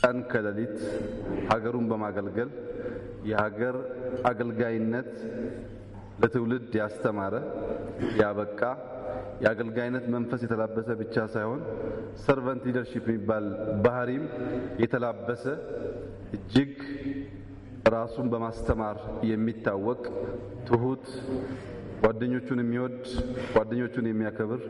ቀን ከሌሊት ሀገሩን በማገልገል የሀገር አገልጋይነት ለትውልድ ያስተማረ ያበቃ የአገልጋይነት መንፈስ የተላበሰ ብቻ ሳይሆን ሰርቨንት ሊደርሺፕ የሚባል ባህሪም የተላበሰ እጅግ ራሱን በማስተማር የሚታወቅ ትሁት፣ ጓደኞቹን የሚወድ ጓደኞቹን የሚያከብር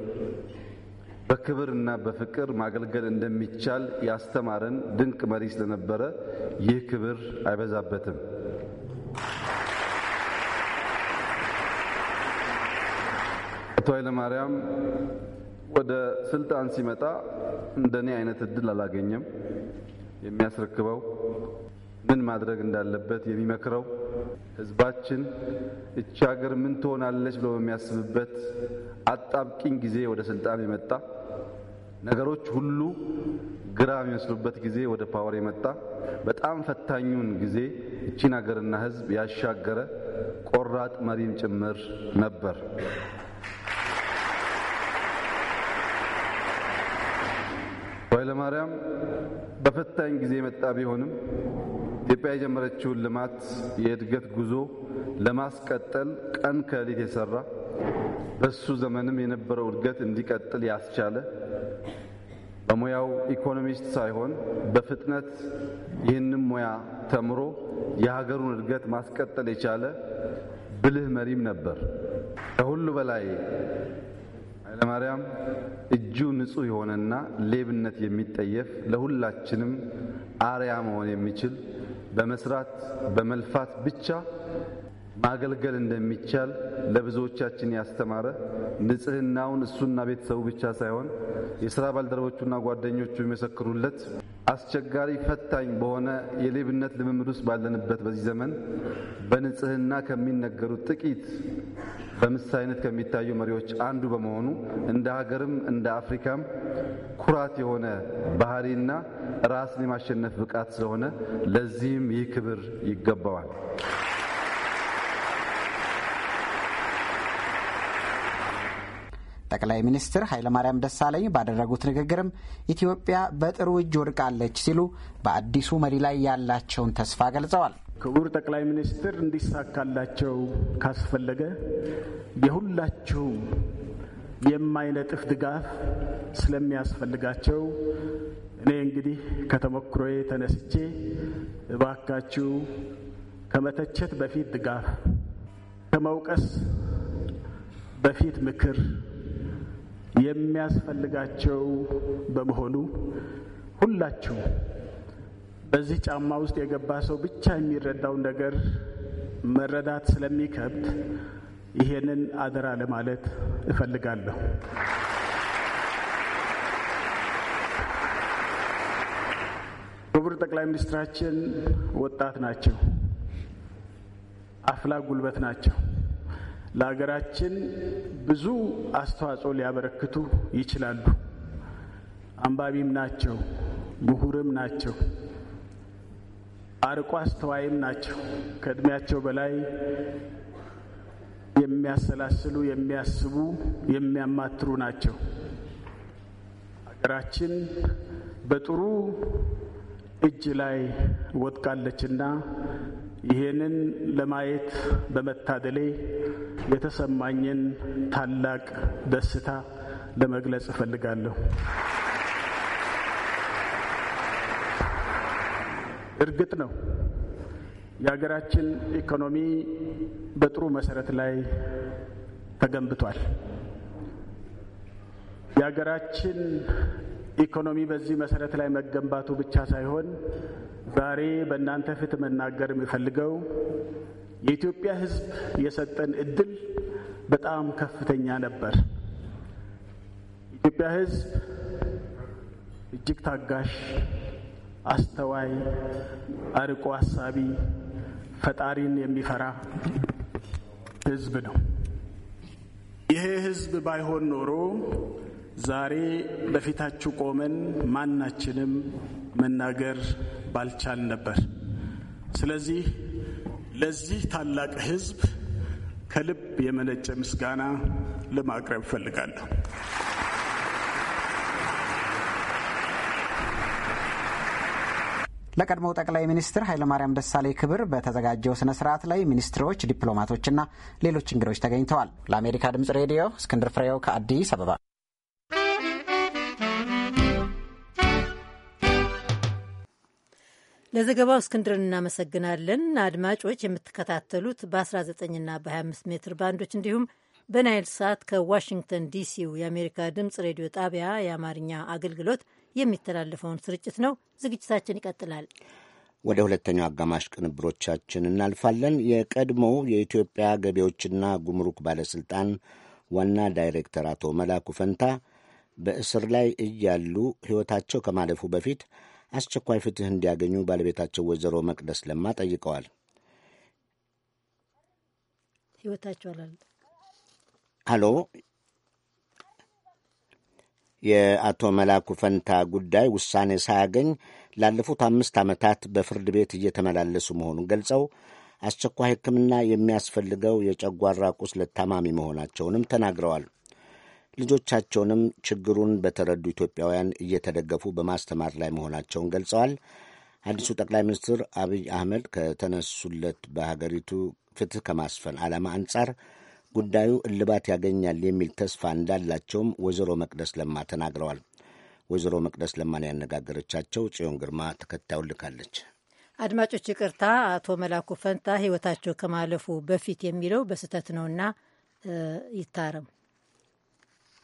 እና በፍቅር ማገልገል እንደሚቻል ያስተማረን ድንቅ መሪ ስለነበረ ይህ ክብር አይበዛበትም። አቶ ኃይለማርያም ወደ ስልጣን ሲመጣ እንደኔ አይነት እድል አላገኘም። የሚያስረክበው ምን ማድረግ እንዳለበት የሚመክረው ህዝባችን እቺ ሀገር ምን ትሆናለች ብሎ በሚያስብበት አጣብቂኝ ጊዜ ወደ ስልጣን የመጣ ነገሮች ሁሉ ግራ የሚመስሉበት ጊዜ ወደ ፓወር የመጣ በጣም ፈታኙን ጊዜ እቺን ሀገርና ህዝብ ያሻገረ ቆራጥ መሪም ጭምር ነበር። ኃይለማርያም በፈታኝ ጊዜ የመጣ ቢሆንም ኢትዮጵያ የጀመረችውን ልማት የእድገት ጉዞ ለማስቀጠል ቀን ከሌት የሰራ በሱ ዘመንም የነበረው እድገት እንዲቀጥል ያስቻለ በሙያው ኢኮኖሚስት ሳይሆን በፍጥነት ይህንም ሙያ ተምሮ የሀገሩን እድገት ማስቀጠል የቻለ ብልህ መሪም ነበር። ከሁሉ በላይ ኃይለማርያም እጁ ንጹህ የሆነና ሌብነት የሚጠየፍ ለሁላችንም አርያ መሆን የሚችል በመስራት በመልፋት ብቻ ማገልገል እንደሚቻል ለብዙዎቻችን ያስተማረ ንጽህናውን እሱና ቤተሰቡ ብቻ ሳይሆን የስራ ባልደረቦቹና ጓደኞቹ የመሰክሩለት አስቸጋሪ ፈታኝ በሆነ የሌብነት ልምምድ ውስጥ ባለንበት በዚህ ዘመን በንጽህና ከሚነገሩት ጥቂት በምሳሌነት ከሚታዩ መሪዎች አንዱ በመሆኑ እንደ ሀገርም እንደ አፍሪካም ኩራት የሆነ ባህሪና ራስን የማሸነፍ ብቃት ስለሆነ ለዚህም ይህ ክብር ይገባዋል። ጠቅላይ ሚኒስትር ኃይለማርያም ደሳለኝ ባደረጉት ንግግርም ኢትዮጵያ በጥሩ እጅ ወድቃለች ሲሉ በአዲሱ መሪ ላይ ያላቸውን ተስፋ ገልጸዋል። ክቡር ጠቅላይ ሚኒስትር እንዲሳካላቸው ካስፈለገ የሁላችሁም የማይነጥፍ ድጋፍ ስለሚያስፈልጋቸው እኔ እንግዲህ ከተሞክሮዬ ተነስቼ እባካችሁ ከመተቸት በፊት ድጋፍ፣ ከመውቀስ በፊት ምክር የሚያስፈልጋቸው በመሆኑ ሁላችሁ በዚህ ጫማ ውስጥ የገባ ሰው ብቻ የሚረዳውን ነገር መረዳት ስለሚከብድ ይሄንን አደራ ለማለት እፈልጋለሁ። ክቡር ጠቅላይ ሚኒስትራችን ወጣት ናቸው፣ አፍላ ጉልበት ናቸው። ለሀገራችን ብዙ አስተዋጽኦ ሊያበረክቱ ይችላሉ። አንባቢም ናቸው፣ ምሁርም ናቸው፣ አርቆ አስተዋይም ናቸው። ከእድሜያቸው በላይ የሚያሰላስሉ፣ የሚያስቡ፣ የሚያማትሩ ናቸው። ሀገራችን በጥሩ እጅ ላይ ወጥቃለችና ይህንን ለማየት በመታደሌ የተሰማኝን ታላቅ ደስታ ለመግለጽ እፈልጋለሁ። እርግጥ ነው የሀገራችን ኢኮኖሚ በጥሩ መሰረት ላይ ተገንብቷል። የሀገራችን ኢኮኖሚ በዚህ መሰረት ላይ መገንባቱ ብቻ ሳይሆን ዛሬ በእናንተ ፊት መናገር የሚፈልገው የኢትዮጵያ ሕዝብ የሰጠን እድል በጣም ከፍተኛ ነበር። የኢትዮጵያ ሕዝብ እጅግ ታጋሽ፣ አስተዋይ፣ አርቆ አሳቢ፣ ፈጣሪን የሚፈራ ሕዝብ ነው። ይሄ ሕዝብ ባይሆን ኖሮ ዛሬ በፊታችሁ ቆመን ማናችንም መናገር ባልቻል ነበር። ስለዚህ ለዚህ ታላቅ ሕዝብ ከልብ የመነጨ ምስጋና ለማቅረብ እፈልጋለሁ። ለቀድሞው ጠቅላይ ሚኒስትር ኃይለማርያም ደሳሌ ክብር በተዘጋጀው ስነ ስርዓት ላይ ሚኒስትሮች፣ ዲፕሎማቶችና ሌሎች እንግዶች ተገኝተዋል። ለአሜሪካ ድምጽ ሬዲዮ እስክንድር ፍሬው ከአዲስ አበባ ለዘገባው እስክንድርን እናመሰግናለን። አድማጮች የምትከታተሉት በ19ና በ25 ሜትር ባንዶች እንዲሁም በናይል ሳት ከዋሽንግተን ዲሲው የአሜሪካ ድምፅ ሬዲዮ ጣቢያ የአማርኛ አገልግሎት የሚተላለፈውን ስርጭት ነው። ዝግጅታችን ይቀጥላል። ወደ ሁለተኛው አጋማሽ ቅንብሮቻችን እናልፋለን። የቀድሞው የኢትዮጵያ ገቢዎችና ጉምሩክ ባለሥልጣን ዋና ዳይሬክተር አቶ መላኩ ፈንታ በእስር ላይ እያሉ ሕይወታቸው ከማለፉ በፊት አስቸኳይ ፍትህ እንዲያገኙ ባለቤታቸው ወይዘሮ መቅደስ ለማ ጠይቀዋል። ህይወታቸው አሎ የአቶ መላኩ ፈንታ ጉዳይ ውሳኔ ሳያገኝ ላለፉት አምስት ዓመታት በፍርድ ቤት እየተመላለሱ መሆኑን ገልጸው አስቸኳይ ሕክምና የሚያስፈልገው የጨጓራ ቁስለት ታማሚ መሆናቸውንም ተናግረዋል። ልጆቻቸውንም ችግሩን በተረዱ ኢትዮጵያውያን እየተደገፉ በማስተማር ላይ መሆናቸውን ገልጸዋል። አዲሱ ጠቅላይ ሚኒስትር አብይ አህመድ ከተነሱለት በሀገሪቱ ፍትህ ከማስፈን ዓላማ አንጻር ጉዳዩ እልባት ያገኛል የሚል ተስፋ እንዳላቸውም ወይዘሮ መቅደስ ለማ ተናግረዋል። ወይዘሮ መቅደስ ለማን ያነጋገረቻቸው ጽዮን ግርማ ተከታዩን ልካለች። አድማጮች ይቅርታ፣ አቶ መላኩ ፈንታ ህይወታቸው ከማለፉ በፊት የሚለው በስህተት ነውና ይታረም።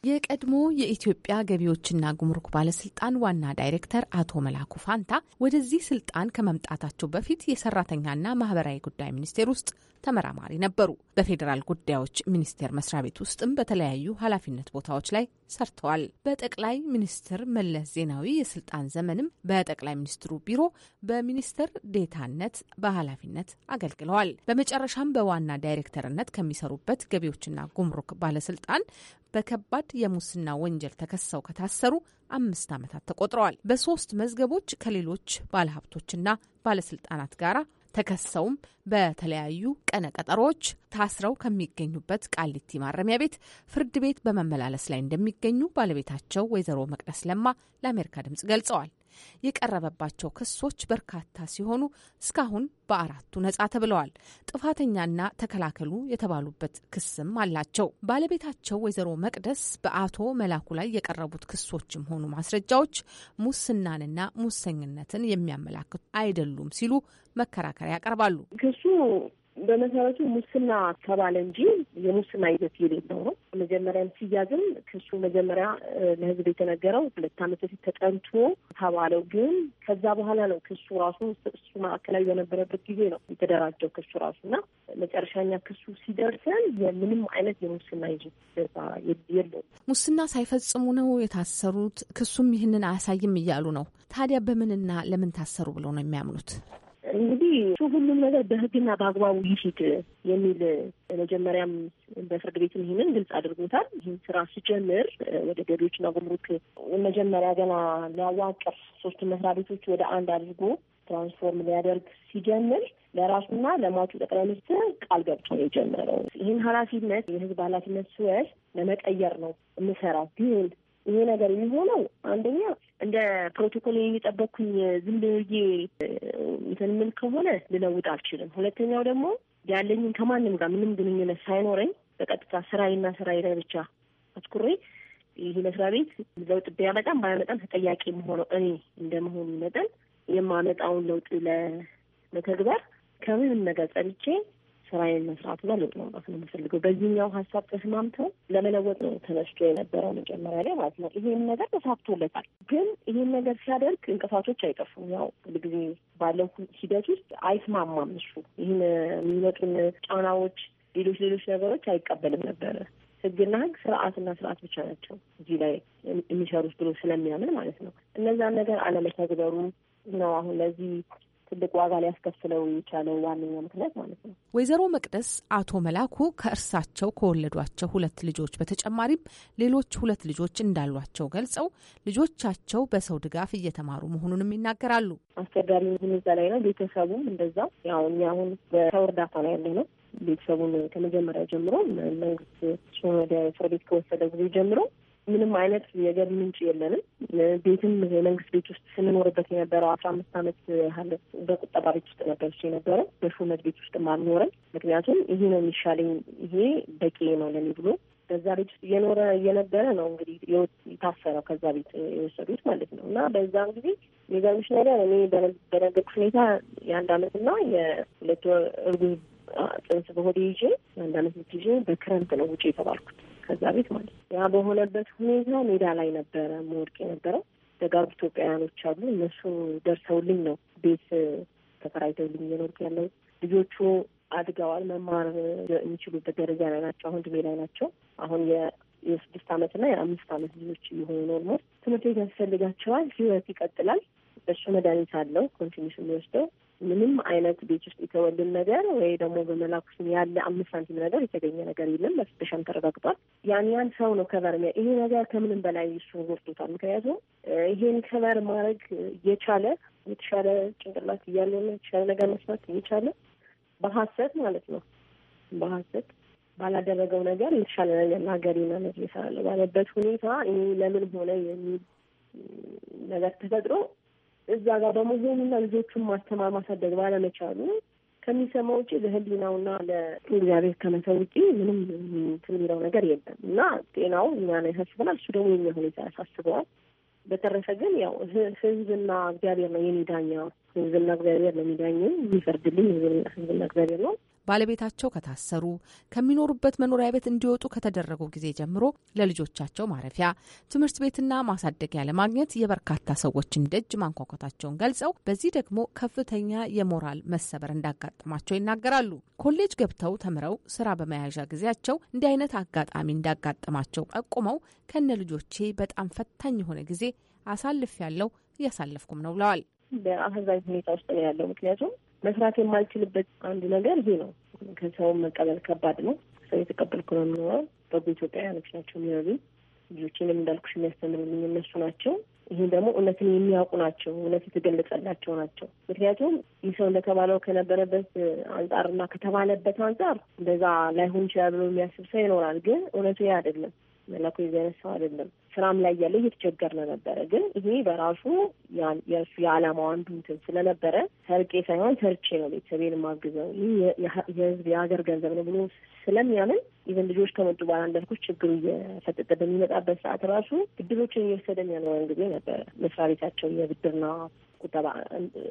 የቀድሞ የኢትዮጵያ ገቢዎችና ጉምሩክ ባለስልጣን ዋና ዳይሬክተር አቶ መላኩ ፋንታ ወደዚህ ስልጣን ከመምጣታቸው በፊት የሰራተኛና ማህበራዊ ጉዳይ ሚኒስቴር ውስጥ ተመራማሪ ነበሩ። በፌዴራል ጉዳዮች ሚኒስቴር መስሪያ ቤት ውስጥም በተለያዩ ኃላፊነት ቦታዎች ላይ ሰርተዋል። በጠቅላይ ሚኒስትር መለስ ዜናዊ የስልጣን ዘመንም በጠቅላይ ሚኒስትሩ ቢሮ በሚኒስትር ዴታነት በኃላፊነት አገልግለዋል። በመጨረሻም በዋና ዳይሬክተርነት ከሚሰሩበት ገቢዎችና ጉምሩክ ባለስልጣን በከባድ የሙስና ወንጀል ተከሰው ከታሰሩ አምስት ዓመታት ተቆጥረዋል። በሶስት መዝገቦች ከሌሎች ባለሀብቶችና ባለስልጣናት ጋር ተከሰውም በተለያዩ ቀነ ቀጠሮዎች ታስረው ከሚገኙበት ቃሊቲ ማረሚያ ቤት ፍርድ ቤት በመመላለስ ላይ እንደሚገኙ ባለቤታቸው ወይዘሮ መቅደስ ለማ ለአሜሪካ ድምጽ ገልጸዋል። የቀረበባቸው ክሶች በርካታ ሲሆኑ እስካሁን በአራቱ ነጻ ተብለዋል። ጥፋተኛና ተከላከሉ የተባሉበት ክስም አላቸው። ባለቤታቸው ወይዘሮ መቅደስ በአቶ መላኩ ላይ የቀረቡት ክሶችም ሆኑ ማስረጃዎች ሙስናንና ሙሰኝነትን የሚያመላክቱ አይደሉም ሲሉ መከራከሪያ ያቀርባሉ። ክሱ በመሰረቱ ሙስና ተባለ እንጂ የሙስና ይዘት የሌለው ነው። መጀመሪያም ሲያዝም ክሱ መጀመሪያ ለህዝብ የተነገረው ሁለት ዓመት በፊት ተጠንቶ ተባለው፣ ግን ከዛ በኋላ ነው ክሱ ራሱ እሱ ማዕከላዊ በነበረበት ጊዜ ነው የተደራጀው ክሱ ራሱ እና መጨረሻኛ ክሱ ሲደርሰን የምንም አይነት የሙስና ይዘት የለውም። ሙስና ሳይፈጽሙ ነው የታሰሩት። ክሱም ይህንን አያሳይም እያሉ ነው። ታዲያ በምንና ለምን ታሰሩ ብለው ነው የሚያምኑት? እንግዲህ እሱ ሁሉም ነገር በህግና በአግባቡ ይሂድ የሚል መጀመሪያም በፍርድ ቤትም ይህንን ግልጽ አድርጎታል። ይህን ስራ ሲጀምር ወደ ገቢዎችና ጉምሩክ መጀመሪያ ገና ሊያዋቅር ሶስቱ መስሪያ ቤቶች ወደ አንድ አድርጎ ትራንስፎርም ሊያደርግ ሲጀምር ለራሱና ለሟቹ ጠቅላይ ሚኒስትር ቃል ገብቶ ነው የጀመረው። ይህን ኃላፊነት የህዝብ ኃላፊነት ስወስድ ለመቀየር ነው የምሰራው ግን ይሄ ነገር የሚሆነው አንደኛ እንደ ፕሮቶኮል የሚጠበቅኩኝ ዝም ብዬ እንትን ከሆነ ልለውጥ አልችልም። ሁለተኛው ደግሞ ያለኝን ከማንም ጋር ምንም ግንኙነት ሳይኖረኝ በቀጥታ ስራዬና ስራዬ ላይ ብቻ አትኩሬ ይህ መስሪያ ቤት ለውጥ ቢያመጣም ባያመጣም ተጠያቂ የምሆነው እኔ እንደመሆኑ መጠን የማመጣውን ለውጥ ለመተግበር ከምንም ነገር ጸድቼ ስራዬን መስራትና ለውጥ ማምጣት ነው የምፈልገው። በዚህኛው ሀሳብ ተስማምተው ለመለወጥ ነው ተነስቶ የነበረው መጀመሪያ ላይ ማለት ነው። ይሄን ነገር ተሳክቶለታል። ግን ይሄን ነገር ሲያደርግ እንቅፋቶች አይጠፉም። ያው ሁልጊዜ ባለው ሂደት ውስጥ አይስማማም እሱ ይህን የሚመጡን ጫናዎች፣ ሌሎች ሌሎች ነገሮች አይቀበልም ነበረ። ህግና ህግ ስርዓትና ስርዓት ብቻ ናቸው እዚህ ላይ የሚሰሩት ብሎ ስለሚያምን ማለት ነው። እነዛን ነገር አለመተግበሩ ነው አሁን ለዚህ ትልቅ ዋጋ ሊያስከፍለው የቻለው ዋነኛ ምክንያት ማለት ነው። ወይዘሮ መቅደስ አቶ መላኩ ከእርሳቸው ከወለዷቸው ሁለት ልጆች በተጨማሪም ሌሎች ሁለት ልጆች እንዳሏቸው ገልጸው ልጆቻቸው በሰው ድጋፍ እየተማሩ መሆኑንም ይናገራሉ። አስቸጋሪ ሁኔታ ላይ ነው። ቤተሰቡም እንደዛው ያው እኛ አሁን በሰው እርዳታ ላይ ያለ ነው ቤተሰቡን ከመጀመሪያ ጀምሮ መንግስት ወደ ሰው ቤት ከወሰደ ጊዜ ጀምሮ ምንም አይነት የገቢ ምንጭ የለንም። ቤትም የመንግስት ቤት ውስጥ ስንኖርበት የነበረው አስራ አምስት አመት ያህል በቁጠባ ቤት ውስጥ ነበር እሱ የነበረው በሹመት ቤት ውስጥ አልኖረም። ምክንያቱም ይሄ ነው የሚሻለኝ ይሄ በቂ ነው ለኔ ብሎ በዛ ቤት ውስጥ እየኖረ እየነበረ ነው እንግዲህ የታሰረው ከዛ ቤት የወሰዱት ማለት ነው። እና በዛን ጊዜ የሚገርምሽ ነገር እኔ በነገርኩ ሁኔታ የአንድ አመትና የሁለት ወር እርጉዝ ጽንስ በሆዴ ይዤ የአንድ አመት ልጅ ይዤ በክረምት ነው ውጭ የተባልኩት ከዛ ቤት ማለት ነው። ያ በሆነበት ሁኔታ ሜዳ ላይ ነበረ መወድቅ የነበረው። ደጋግ ኢትዮጵያውያኖች አሉ። እነሱ ደርሰውልኝ ነው ቤት ተከራይተውልኝ እየኖርኩ ያለው። ልጆቹ አድገዋል። መማር የሚችሉበት ደረጃ ላይ ናቸው። አሁን ድሜ ላይ ናቸው። አሁን የስድስት ዓመትና የአምስት አመት ልጆች እየሆኑ ኖርሞ ትምህርት ቤት ያስፈልጋቸዋል። ህይወት ይቀጥላል። እሱ መድኃኒት አለው ኮንቲኒስ የሚወስደው ምንም አይነት ቤት ውስጥ የተወልን ነገር ወይ ደግሞ በመላኩ ስም ያለ አምስት ሳንቲም ነገር የተገኘ ነገር የለም። መፍተሻም ተረጋግጧል። ያን ያን ሰው ነው ከቨር ይሄ ነገር ከምንም በላይ እሱ ጎድቶታል። ምክንያቱም ይሄን ከቨር ማድረግ እየቻለ የተሻለ ጭንቅላት እያለው የተሻለ ነገር መስራት እየቻለ በሀሰት ማለት ነው በሀሰት ባላደረገው ነገር የተሻለ ነገር ለሀገር ይመመት ይሰራል ባለበት ሁኔታ ይሄ ለምን ሆነ የሚል ነገር ተፈጥሮ እዛ ጋር በመሆኑና ልጆቹን ማስተማር ማሳደግ ባለመቻሉ ከሚሰማው ውጭ ለሕሊናውና ለእግዚአብሔር ከመሰው ውጭ ምንም የሚለው ነገር የለም እና ጤናው እኛ ነው ያሳስበናል። እሱ ደግሞ የኛ ሁኔታ ያሳስበዋል። በተረፈ ግን ያው ህዝብና እግዚአብሔር ነው የኔ ዳኛ። ሕዝብና እግዚአብሔር ነው የሚዳኝ የሚፈርድልኝ ህዝብና እግዚአብሔር ነው። ባለቤታቸው ከታሰሩ፣ ከሚኖሩበት መኖሪያ ቤት እንዲወጡ ከተደረጉ ጊዜ ጀምሮ ለልጆቻቸው ማረፊያ፣ ትምህርት ቤትና ማሳደጊያ ለማግኘት የበርካታ ሰዎችን ደጅ ማንኳኳታቸውን ገልጸው በዚህ ደግሞ ከፍተኛ የሞራል መሰበር እንዳጋጠማቸው ይናገራሉ። ኮሌጅ ገብተው ተምረው ስራ በመያዣ ጊዜያቸው እንዲህ አይነት አጋጣሚ እንዳጋጠማቸው ጠቁመው ከነ ልጆቼ በጣም ፈታኝ የሆነ ጊዜ አሳልፍ ያለው እያሳለፍኩም ነው ብለዋል። በአሳዛኝ ሁኔታ ውስጥ ነው ያለው። ምክንያቱም መስራት የማልችልበት አንዱ ነገር ይሄ ነው። ከሰውን መቀበል ከባድ ነው። ሰው የተቀበልኩ ነው የሚኖረው በጎ ኢትዮጵያውያኖች ናቸው የሚረዱ ልጆችንም እንዳልኩሽ የሚያስተምሩልኝ እነሱ ናቸው። ይሄ ደግሞ እውነትን የሚያውቁ ናቸው። እውነት የተገለጸላቸው ናቸው። ምክንያቱም ይህ ሰው እንደተባለው ከነበረበት አንጻርና ከተባለበት አንጻር እንደዛ ላይሆን ይችላል ብሎ የሚያስብ ሰው ይኖራል። ግን እውነቱ ይህ አይደለም። መለኮ ይዞ አይደለም። ስራም ላይ ያለ እየተቸገርን ነበረ። ግን ይሄ በራሱ የእሱ የዓላማው አንዱ እንትን ስለነበረ ሰርቄ ሳይሆን ሰርቼ ነው ቤተሰቤን ማግዘው። ይህ የህዝብ የሀገር ገንዘብ ነው ብሎ ስለሚያምን ኢቨን ልጆች ከመጡ በኋላ እንዳልኩሽ ችግሩ እየፈጠጠ በሚመጣበት ሰዓት ራሱ ብድሮችን እየወሰደ የሚያኖረን ጊዜ ነበረ። መስሪያ ቤታቸው የብድርና ቁጠባ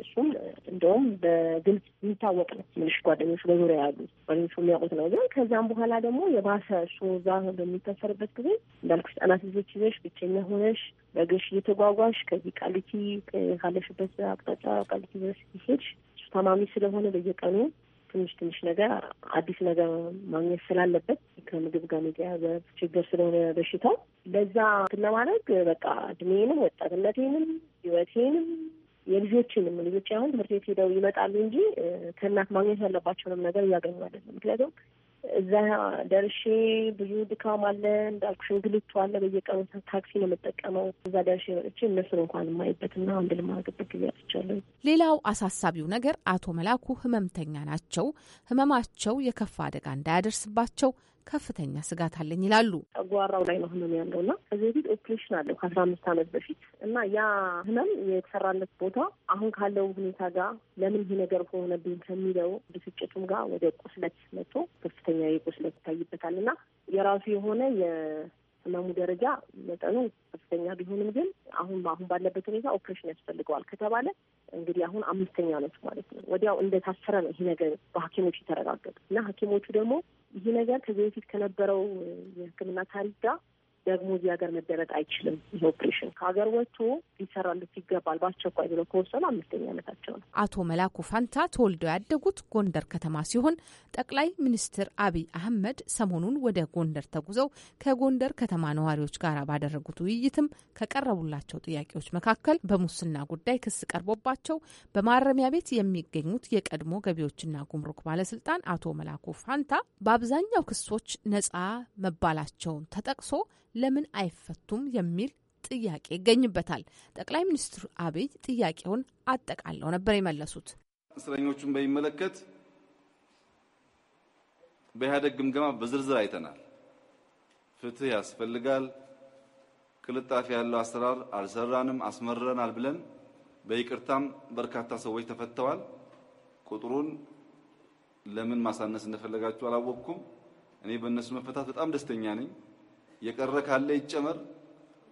እሱም እንደውም በግልጽ የሚታወቅ ነው። ምልሽ ጓደኞች በዙሪያ ያሉ ጓደኞቹ የሚያውቁት ነው። ግን ከዚያም በኋላ ደግሞ የባሰ እሱ እዛ በሚታሰርበት ጊዜ እንዳልኩ ህጻናት ልጆች ይዘሽ ብቸኛ ሆነሽ በግሽ እየተጓጓሽ ከዚህ ቃሊቲ ካለሽበት አቅጣጫ ቃሊቲ ድረስ ሲሄድ እሱ ታማሚ ስለሆነ በየቀኑ ትንሽ ትንሽ ነገር አዲስ ነገር ማግኘት ስላለበት ከምግብ ጋር የተያዘ ችግር ስለሆነ በሽታው ለዛ ለማድረግ በቃ እድሜንም ወጣትነቴንም ህይወቴንም የልጆችንም ልጆች አሁን ትምህርት ቤት ሄደው ይመጣሉ እንጂ ከእናት ማግኘት ያለባቸውንም ነገር እያገኙ ነው። ምክንያቱም እዛ ደርሼ ብዙ ድካም አለ እንዳልኩሽ፣ እንግልቱ አለ። በየቀኑ ታክሲ ነው የምጠቀመው። እዛ ደርሼ መጥቼ እነሱን እንኳን የማይበትና አንድ ልማርግበት ጊዜ አስቻለሁ። ሌላው አሳሳቢው ነገር አቶ መላኩ ህመምተኛ ናቸው። ህመማቸው የከፋ አደጋ እንዳያደርስባቸው ከፍተኛ ስጋት አለኝ ይላሉ። ጨጓራው ላይ ነው ህመም ያለው እና ከዚህ በፊት ኦፕሬሽን አለው ከአስራ አምስት ዓመት በፊት እና ያ ህመም የተሰራለት ቦታ አሁን ካለው ሁኔታ ጋር ለምን ይህ ነገር ከሆነብኝ ከሚለው ብስጭቱም ጋር ወደ ቁስለት መጥቶ ከፍተኛ የቁስለት ይታይበታል እና የራሱ የሆነ ህመሙ ደረጃ መጠኑ ከፍተኛ ቢሆንም ግን አሁን አሁን ባለበት ሁኔታ ኦፕሬሽን ያስፈልገዋል ከተባለ እንግዲህ አሁን አምስተኛ ነች ማለት ነው። ወዲያው እንደታሰረ ነው ይሄ ነገር በሐኪሞች የተረጋገጡ እና ሐኪሞቹ ደግሞ ይህ ነገር ከዚህ በፊት ከነበረው የህክምና ታሪክ ጋር ደግሞ እዚህ ሀገር መደረግ አይችልም። ይህ ኦፕሬሽን ከሀገር ወጥቶ ሊሰራለት ይገባል በአስቸኳይ ብለው ከወሰኑ አምስተኛ ዓመታቸው ነው። አቶ መላኩ ፋንታ ተወልደው ያደጉት ጎንደር ከተማ ሲሆን ጠቅላይ ሚኒስትር አብይ አህመድ ሰሞኑን ወደ ጎንደር ተጉዘው ከጎንደር ከተማ ነዋሪዎች ጋር ባደረጉት ውይይትም ከቀረቡላቸው ጥያቄዎች መካከል በሙስና ጉዳይ ክስ ቀርቦባቸው በማረሚያ ቤት የሚገኙት የቀድሞ ገቢዎችና ጉምሩክ ባለስልጣን አቶ መላኩ ፋንታ በአብዛኛው ክሶች ነጻ መባላቸውን ተጠቅሶ ለምን አይፈቱም የሚል ጥያቄ ይገኝበታል። ጠቅላይ ሚኒስትር አብይ ጥያቄውን አጠቃለው ነበር የመለሱት። እስረኞቹን በሚመለከት በኢህአደግ ግምገማ በዝርዝር አይተናል። ፍትህ ያስፈልጋል፣ ቅልጣፌ ያለው አሰራር አልሰራንም፣ አስመርረናል ብለን በይቅርታም በርካታ ሰዎች ተፈተዋል። ቁጥሩን ለምን ማሳነስ እንደፈለጋችሁ አላወቅኩም። እኔ በእነሱ መፈታት በጣም ደስተኛ ነኝ። የቀረ ካለ ይጨመር፣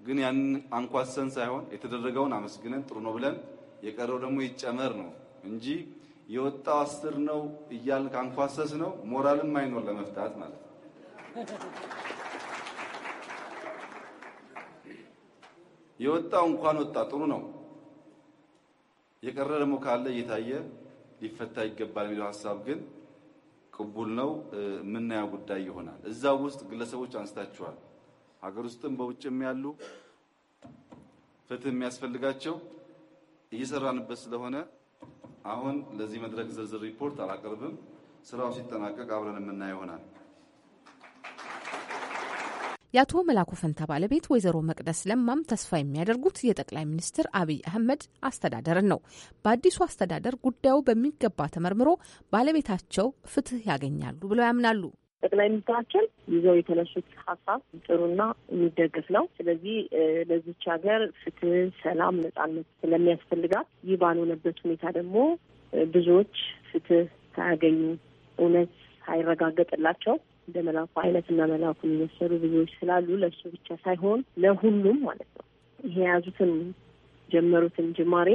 ግን ያንን አንኳሰን ሳይሆን የተደረገውን አመስግነን ጥሩ ነው ብለን የቀረው ደግሞ ይጨመር ነው እንጂ የወጣው አስር ነው እያል ካንኳሰስ ነው ሞራልም አይኖር ለመፍታት ማለት ነው። የወጣው እንኳን ወጣ ጥሩ ነው፣ የቀረ ደግሞ ካለ እየታየ ሊፈታ ይገባል የሚለው ሀሳብ ግን ቅቡል ነው። የምናየው ጉዳይ ይሆናል። እዛ ውስጥ ግለሰቦች አንስታችኋል። ሀገር ውስጥም በውጭም ያሉ ፍትህ የሚያስፈልጋቸው እየሰራንበት ስለሆነ አሁን ለዚህ መድረክ ዝርዝር ሪፖርት አላቀርብም። ስራው ሲጠናቀቅ አብረን የምናየው ይሆናል። የአቶ መላኩ ፈንታ ባለቤት ወይዘሮ መቅደስ ለማም ተስፋ የሚያደርጉት የጠቅላይ ሚኒስትር አብይ አህመድ አስተዳደርን ነው። በአዲሱ አስተዳደር ጉዳዩ በሚገባ ተመርምሮ ባለቤታቸው ፍትህ ያገኛሉ ብለው ያምናሉ። ጠቅላይ ሚኒስትራችን ይዘው የተነሱት ሀሳብ ጥሩና የሚደገፍ ነው። ስለዚህ ለዚች ሀገር ፍትህ፣ ሰላም፣ ነጻነት ስለሚያስፈልጋት ይህ ባልሆነበት ሁኔታ ደግሞ ብዙዎች ፍትህ ሳያገኙ እውነት ሳይረጋገጥላቸው እንደ መላኩ አይነት እና መላኩ የሚመሰሉ ብዙዎች ስላሉ ለእሱ ብቻ ሳይሆን ለሁሉም ማለት ነው ይሄ የያዙትን ጀመሩትን ጅማሬ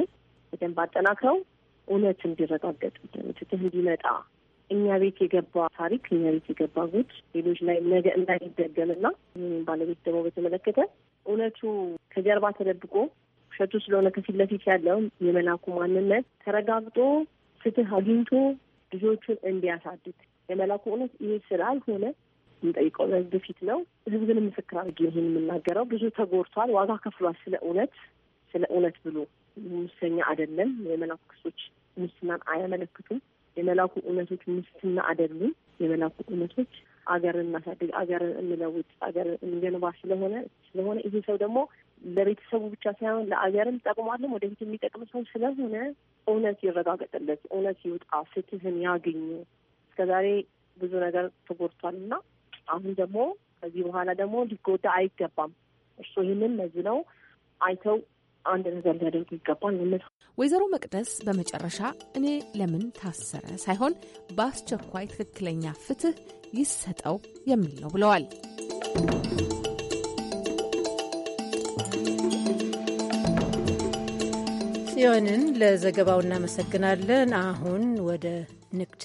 በደንብ አጠናክረው እውነት እንዲረጋገጥ ፍትህ እንዲመጣ እኛ ቤት የገባ ታሪክ እኛ ቤት የገባ ጉድ ሌሎች ላይ ነገ እንዳይደገምና ባለቤት ደግሞ በተመለከተ እውነቱ ከጀርባ ተደብቆ ውሸቱ ስለሆነ ከፊት ለፊት ያለው የመላኩ ማንነት ተረጋግጦ ፍትህ አግኝቶ ልጆቹን እንዲያሳድግ የመላኩ እውነት ይሄ ስላልሆነ የምንጠይቀው ለህዝብ ፊት ነው። ህዝብንም ምስክር አድርጌ ይህን የምናገረው ብዙ ተጎድቷል፣ ዋጋ ከፍሏል። ስለ እውነት ስለ እውነት ብሎ ሙሰኛ አይደለም። የመላኩ ክሶች ሙስናን አያመለክቱም። የመላኩ እውነቶች ምስትና አይደሉም። የመላኩ እውነቶች አገርን እናሳድግ፣ አገርን እንለውጥ፣ አገርን እንገንባ ስለሆነ ስለሆነ ይሄ ሰው ደግሞ ለቤተሰቡ ብቻ ሳይሆን ለአገርም ጠቅሟለም ወደፊት የሚጠቅም ሰው ስለሆነ እውነት ይረጋገጥለት፣ እውነት ይውጣ፣ ፍትህን ያገኙ። እስከዛሬ ብዙ ነገር ተጎድቷል እና አሁን ደግሞ ከዚህ በኋላ ደግሞ ሊጎዳ አይገባም። እርሶ ይህንን መዝነው አይተው አንድ ነገር ሊያደርጉ ይገባል። እውነት ወይዘሮ መቅደስ በመጨረሻ እኔ ለምን ታሰረ ሳይሆን በአስቸኳይ ትክክለኛ ፍትህ ይሰጠው የሚል ነው ብለዋል። ጽዮንን ለዘገባው እናመሰግናለን። አሁን ወደ ንግድ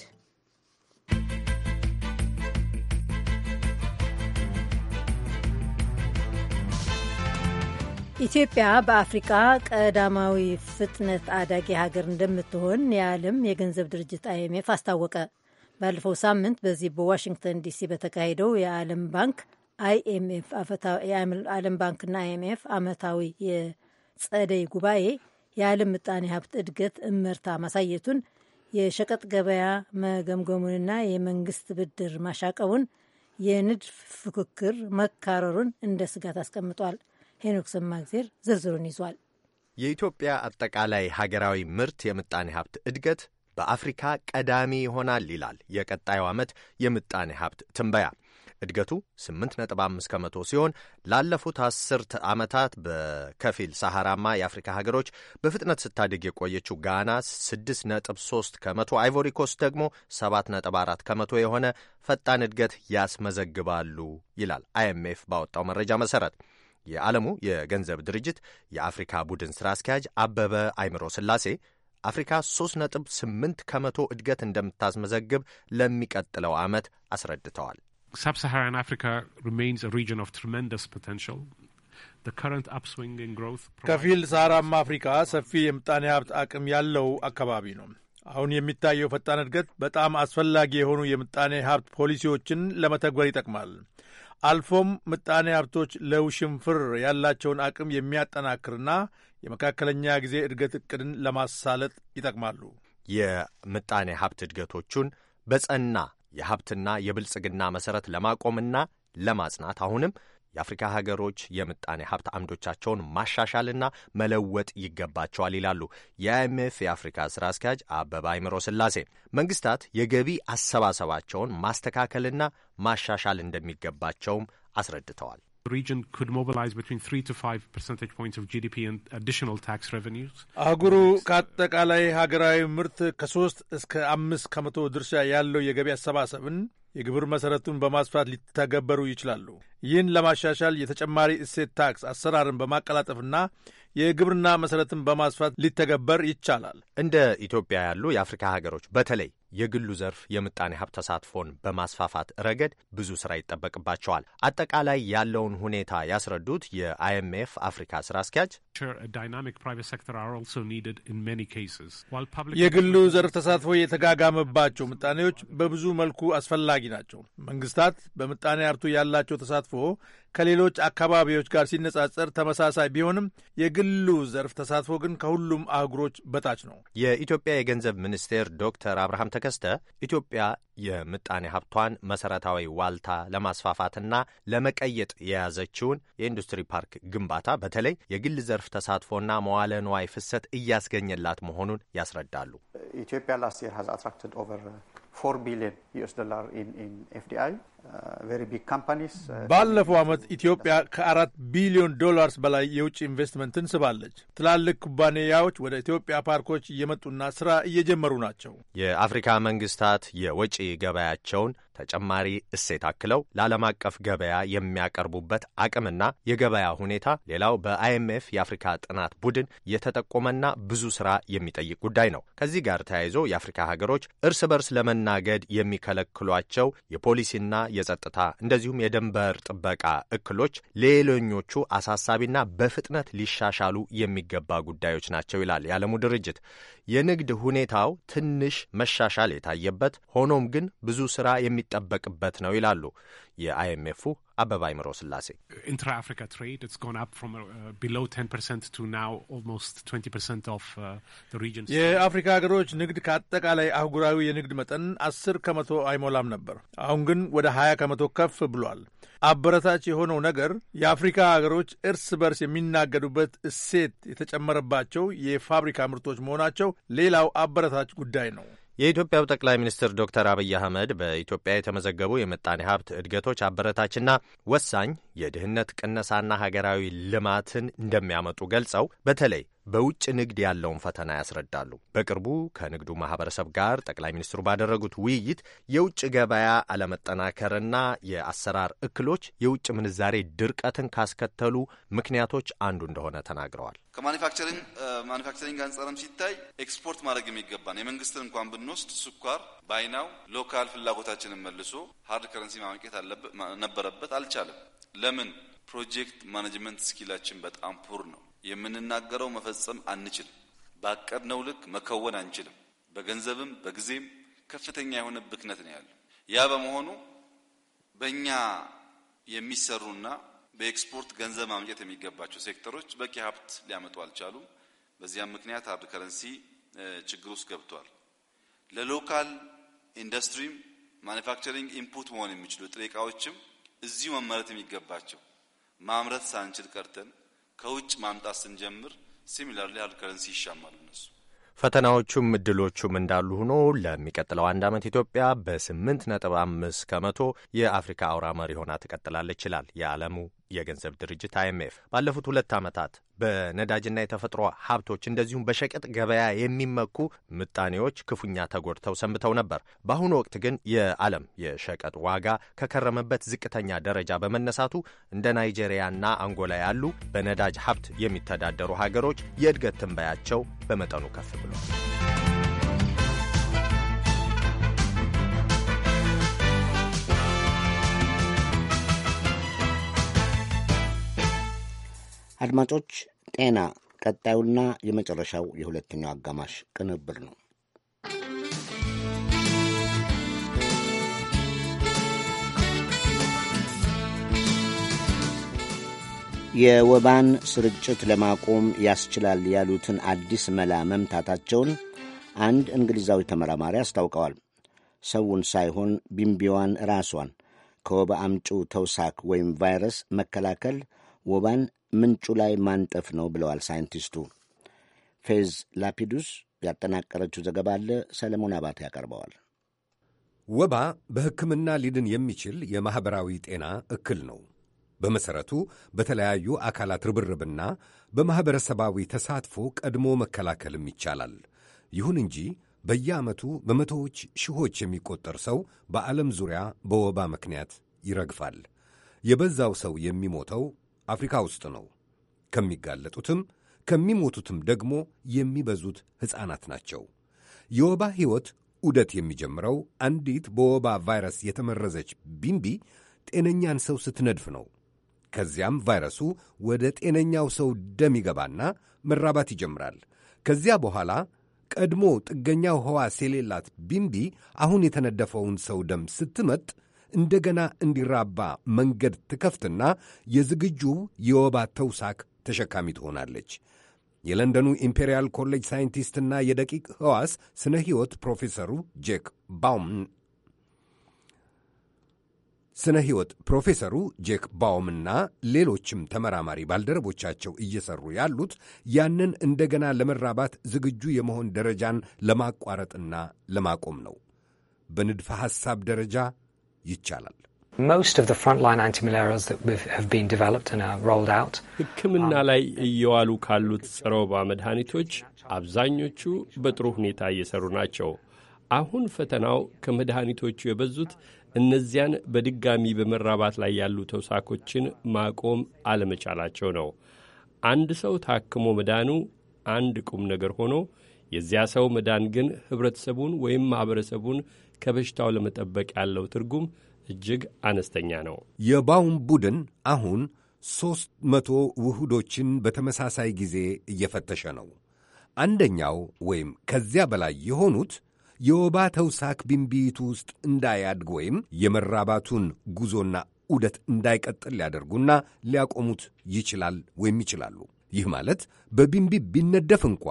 ኢትዮጵያ በአፍሪቃ ቀዳማዊ ፍጥነት አዳጊ ሀገር እንደምትሆን የዓለም የገንዘብ ድርጅት አይኤምኤፍ አስታወቀ። ባለፈው ሳምንት በዚህ በዋሽንግተን ዲሲ በተካሄደው የዓለም ባንክ አይኤምኤፍ የዓለም ባንክና አይኤምኤፍ ዓመታዊ የጸደይ ጉባኤ የዓለም ምጣኔ ሀብት እድገት እመርታ ማሳየቱን የሸቀጥ ገበያ መገምገሙንና የመንግስት ብድር ማሻቀቡን የንድፍ ፍክክር መካረሩን እንደ ስጋት አስቀምጧል። ሄኖክ ሰማግዜር ዝርዝሩን ይዟል። የኢትዮጵያ አጠቃላይ ሀገራዊ ምርት የምጣኔ ሀብት እድገት በአፍሪካ ቀዳሚ ይሆናል ይላል የቀጣዩ ዓመት የምጣኔ ሀብት ትንበያ። እድገቱ 8.5 ከመቶ ሲሆን ላለፉት አስርት ዓመታት በከፊል ሰሐራማ የአፍሪካ ሀገሮች በፍጥነት ስታድግ የቆየችው ጋና 6.3 ከመቶ፣ አይቮሪኮስ ደግሞ 7.4 ከመቶ የሆነ ፈጣን እድገት ያስመዘግባሉ ይላል አይኤምኤፍ ባወጣው መረጃ መሰረት። የዓለሙ የገንዘብ ድርጅት የአፍሪካ ቡድን ሥራ አስኪያጅ አበበ አይምሮ ስላሴ አፍሪካ 3.8 ከመቶ እድገት እንደምታስመዘግብ ለሚቀጥለው ዓመት አስረድተዋል። ሳብሳሃራን አፍሪካ ሪሜንስ አ ሪጅን ኦፍ ትሪመንደስ ፖቴንሻል ከፊል ሰሃራማ አፍሪካ ሰፊ የምጣኔ ሀብት አቅም ያለው አካባቢ ነው። አሁን የሚታየው ፈጣን እድገት በጣም አስፈላጊ የሆኑ የምጣኔ ሀብት ፖሊሲዎችን ለመተግበር ይጠቅማል። አልፎም ምጣኔ ሀብቶች ለውሽንፍር ያላቸውን አቅም የሚያጠናክርና የመካከለኛ ጊዜ እድገት እቅድን ለማሳለጥ ይጠቅማሉ። የምጣኔ ሀብት እድገቶቹን በጸና የሀብትና የብልጽግና መሠረት ለማቆምና ለማጽናት አሁንም የአፍሪካ ሀገሮች የምጣኔ ሀብት አምዶቻቸውን ማሻሻልና መለወጥ ይገባቸዋል ይላሉ የአይኤምኤፍ የአፍሪካ ስራ አስኪያጅ አበባ አይምሮ ስላሴ። መንግስታት የገቢ አሰባሰባቸውን ማስተካከልና ማሻሻል እንደሚገባቸውም አስረድተዋል። አህጉሩ ከአጠቃላይ ሀገራዊ ምርት ከሶስት እስከ አምስት ከመቶ ድርሻ ያለው የገቢ አሰባሰብን የግብር መሰረቱን በማስፋት ሊተገበሩ ይችላሉ። ይህን ለማሻሻል የተጨማሪ እሴት ታክስ አሰራርን በማቀላጠፍና የግብርና መሰረትን በማስፋት ሊተገበር ይቻላል። እንደ ኢትዮጵያ ያሉ የአፍሪካ ሀገሮች በተለይ የግሉ ዘርፍ የምጣኔ ሀብት ተሳትፎን በማስፋፋት ረገድ ብዙ ስራ ይጠበቅባቸዋል። አጠቃላይ ያለውን ሁኔታ ያስረዱት የአይኤምኤፍ አፍሪካ ስራ አስኪያጅ የግሉ ዘርፍ ተሳትፎ የተጋጋመባቸው ምጣኔዎች በብዙ መልኩ አስፈላጊ ናቸው። መንግስታት በምጣኔ ሀብቱ ያላቸው ተሳትፎ ከሌሎች አካባቢዎች ጋር ሲነጻጸር ተመሳሳይ ቢሆንም የግሉ ዘርፍ ተሳትፎ ግን ከሁሉም አህጉሮች በታች ነው። የኢትዮጵያ የገንዘብ ሚኒስቴር ዶክተር አብርሃም ተከስተ ኢትዮጵያ የምጣኔ ሀብቷን መሰረታዊ ዋልታ ለማስፋፋትና ለመቀየጥ የያዘችውን የኢንዱስትሪ ፓርክ ግንባታ በተለይ የግል ዘርፍ ተሳትፎና መዋለ ንዋይ ፍሰት እያስገኘላት መሆኑን ያስረዳሉ። ኢትዮጵያ ላስት የር ሀዝ አትራክትድ ኦቨር ፎር ቢሊዮን ዩኤስ ዶላር ኢን ኤፍዲአይ Uh, uh, ባለፈው ዓመት ኢትዮጵያ ከአራት ቢሊዮን ዶላርስ በላይ የውጭ ኢንቨስትመንት ስባለች። ትላልቅ ኩባንያዎች ወደ ኢትዮጵያ ፓርኮች እየመጡና ስራ እየጀመሩ ናቸው። የአፍሪካ መንግስታት የወጪ ገበያቸውን ተጨማሪ እሴት አክለው ለዓለም አቀፍ ገበያ የሚያቀርቡበት አቅምና የገበያ ሁኔታ ሌላው በአይኤምኤፍ የአፍሪካ ጥናት ቡድን የተጠቆመና ብዙ ስራ የሚጠይቅ ጉዳይ ነው። ከዚህ ጋር ተያይዞ የአፍሪካ ሀገሮች እርስ በርስ ለመናገድ የሚከለክሏቸው የፖሊሲና የጸጥታ እንደዚሁም የድንበር ጥበቃ እክሎች ሌሎኞቹ አሳሳቢና በፍጥነት ሊሻሻሉ የሚገባ ጉዳዮች ናቸው ይላል የዓለሙ ድርጅት። የንግድ ሁኔታው ትንሽ መሻሻል የታየበት ሆኖም ግን ብዙ ስራ የሚጠበቅበት ነው ይላሉ። የአይኤምኤፉ አበባ ይምሮ ስላሴ ኢንትራ አፍሪካ ትሬድ የአፍሪካ ሀገሮች ንግድ ከአጠቃላይ አህጉራዊ የንግድ መጠን አስር ከመቶ አይሞላም ነበር። አሁን ግን ወደ ሀያ ከመቶ ከፍ ብሏል። አበረታች የሆነው ነገር የአፍሪካ ሀገሮች እርስ በርስ የሚናገዱበት እሴት የተጨመረባቸው የፋብሪካ ምርቶች መሆናቸው ሌላው አበረታች ጉዳይ ነው። የኢትዮጵያው ጠቅላይ ሚኒስትር ዶክተር አብይ አህመድ በኢትዮጵያ የተመዘገቡ የምጣኔ ሀብት እድገቶች አበረታችና ወሳኝ የድህነት ቅነሳና ሀገራዊ ልማትን እንደሚያመጡ ገልጸው በተለይ በውጭ ንግድ ያለውን ፈተና ያስረዳሉ። በቅርቡ ከንግዱ ማህበረሰብ ጋር ጠቅላይ ሚኒስትሩ ባደረጉት ውይይት የውጭ ገበያ አለመጠናከርና የአሰራር እክሎች የውጭ ምንዛሬ ድርቀትን ካስከተሉ ምክንያቶች አንዱ እንደሆነ ተናግረዋል። ከማኒፋክቸሪንግ ማኒፋክቸሪንግ አንጻርም ሲታይ ኤክስፖርት ማድረግ የሚገባን የመንግስትን እንኳን ብንወስድ ስኳር ባይናው ሎካል ፍላጎታችንን መልሶ ሀርድ ከረንሲ ማመቄት ነበረበት፣ አልቻለም። ለምን? ፕሮጀክት ማኔጅመንት ስኪላችን በጣም ፑር ነው። የምንናገረው መፈጸም አንችልም። ባቀድነው ልክ መከወን አንችልም። በገንዘብም በጊዜም ከፍተኛ የሆነ ብክነት ነው ያለው። ያ በመሆኑ በእኛ የሚሰሩና በኤክስፖርት ገንዘብ ማምጨት የሚገባቸው ሴክተሮች በቂ ሀብት ሊያመጡ አልቻሉም። በዚያም ምክንያት ሀርድ ከረንሲ ችግር ውስጥ ገብቷል። ለሎካል ኢንዱስትሪም ማኒፋክቸሪንግ ኢንፑት መሆን የሚችሉ ጥሬ እቃዎችም እዚሁ መመረት የሚገባቸው ማምረት ሳንችል ቀርተን ከውጭ ማምጣት ስንጀምር ሲሚላርሊ ሃርድ ከረንሲ ይሻማል እነሱ። ፈተናዎቹም እድሎቹም እንዳሉ ሆኖ ለሚቀጥለው አንድ ዓመት ኢትዮጵያ በስምንት ነጥብ አምስት ከመቶ የአፍሪካ አውራ መሪ ሆና ትቀጥላለች ይላል የዓለሙ የገንዘብ ድርጅት አይኤምኤፍ ባለፉት ሁለት ዓመታት በነዳጅና የተፈጥሮ ሀብቶች እንደዚሁም በሸቀጥ ገበያ የሚመኩ ምጣኔዎች ክፉኛ ተጎድተው ሰንብተው ነበር። በአሁኑ ወቅት ግን የዓለም የሸቀጥ ዋጋ ከከረመበት ዝቅተኛ ደረጃ በመነሳቱ እንደ ናይጄሪያና አንጎላ ያሉ በነዳጅ ሀብት የሚተዳደሩ ሀገሮች የእድገት ትንበያቸው በመጠኑ ከፍ ብሏል። አድማጮች፣ ጤና ቀጣዩና የመጨረሻው የሁለተኛው አጋማሽ ቅንብር ነው። የወባን ስርጭት ለማቆም ያስችላል ያሉትን አዲስ መላ መምታታቸውን አንድ እንግሊዛዊ ተመራማሪ አስታውቀዋል። ሰውን ሳይሆን ቢምቢዋን ራሷን ከወባ አምጪው ተውሳክ ወይም ቫይረስ መከላከል ወባን ምንጩ ላይ ማንጠፍ ነው ብለዋል ሳይንቲስቱ። ፌዝ ላፒዱስ ያጠናቀረችው ዘገባ አለ። ሰለሞን አባተ ያቀርበዋል። ወባ በሕክምና ሊድን የሚችል የማኅበራዊ ጤና እክል ነው። በመሠረቱ በተለያዩ አካላት ርብርብና በማኅበረሰባዊ ተሳትፎ ቀድሞ መከላከልም ይቻላል። ይሁን እንጂ በየዓመቱ በመቶዎች ሺዎች የሚቆጠር ሰው በዓለም ዙሪያ በወባ ምክንያት ይረግፋል። የበዛው ሰው የሚሞተው አፍሪካ ውስጥ ነው። ከሚጋለጡትም ከሚሞቱትም ደግሞ የሚበዙት ሕፃናት ናቸው። የወባ ሕይወት ዑደት የሚጀምረው አንዲት በወባ ቫይረስ የተመረዘች ቢምቢ ጤነኛን ሰው ስትነድፍ ነው። ከዚያም ቫይረሱ ወደ ጤነኛው ሰው ደም ይገባና መራባት ይጀምራል። ከዚያ በኋላ ቀድሞ ጥገኛው ሕዋስ የሌላት ቢምቢ አሁን የተነደፈውን ሰው ደም ስትመጥ እንደገና እንዲራባ መንገድ ትከፍትና የዝግጁ የወባ ተውሳክ ተሸካሚ ትሆናለች። የለንደኑ ኢምፔሪያል ኮሌጅ ሳይንቲስትና የደቂቅ ሕዋስ ስነ ሕይወት ፕሮፌሰሩ ጄክ ባውም ስነ ሕይወት ፕሮፌሰሩ ጄክ ባውምና ሌሎችም ተመራማሪ ባልደረቦቻቸው እየሰሩ ያሉት ያንን እንደገና ለመራባት ዝግጁ የመሆን ደረጃን ለማቋረጥና ለማቆም ነው። በንድፈ ሐሳብ ደረጃ ይቻላል። ሕክምና um, ላይ እየዋሉ ካሉት ጸረ ወባ መድኃኒቶች አብዛኞቹ በጥሩ ሁኔታ እየሰሩ ናቸው። አሁን ፈተናው ከመድኃኒቶቹ የበዙት እነዚያን በድጋሚ በመራባት ላይ ያሉ ተውሳኮችን ማቆም አለመቻላቸው ነው። አንድ ሰው ታክሞ መዳኑ አንድ ቁም ነገር ሆኖ የዚያ ሰው መዳን ግን ኅብረተሰቡን ወይም ማኅበረሰቡን ከበሽታው ለመጠበቅ ያለው ትርጉም እጅግ አነስተኛ ነው። የባውም ቡድን አሁን ሦስት መቶ ውህዶችን በተመሳሳይ ጊዜ እየፈተሸ ነው። አንደኛው ወይም ከዚያ በላይ የሆኑት የወባ ተውሳክ ቢንቢይቱ ውስጥ እንዳያድግ ወይም የመራባቱን ጉዞና ዑደት እንዳይቀጥል ሊያደርጉና ሊያቆሙት ይችላል ወይም ይችላሉ። ይህ ማለት በቢንቢ ቢነደፍ እንኳ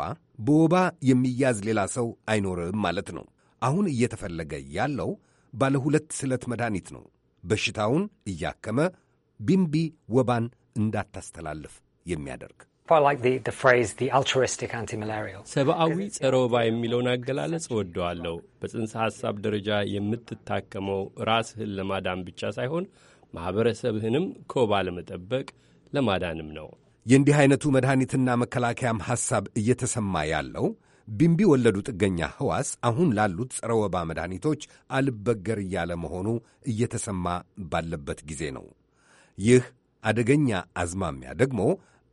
በወባ የሚያዝ ሌላ ሰው አይኖርም ማለት ነው። አሁን እየተፈለገ ያለው ባለ ሁለት ስለት መድኃኒት ነው። በሽታውን እያከመ ቢምቢ ወባን እንዳታስተላልፍ የሚያደርግ ሰብአዊ ጸረ ወባ የሚለውን አገላለጽ እወደዋለሁ። በጽንሰ ሐሳብ ደረጃ የምትታከመው ራስህን ለማዳን ብቻ ሳይሆን ማኅበረሰብህንም ከወባ ለመጠበቅ ለማዳንም ነው። የእንዲህ ዐይነቱ መድኃኒትና መከላከያም ሐሳብ እየተሰማ ያለው ቢምቢ ወለዱ ጥገኛ ህዋስ አሁን ላሉት ጸረ ወባ መድኃኒቶች አልበገር እያለ መሆኑ እየተሰማ ባለበት ጊዜ ነው። ይህ አደገኛ አዝማሚያ ደግሞ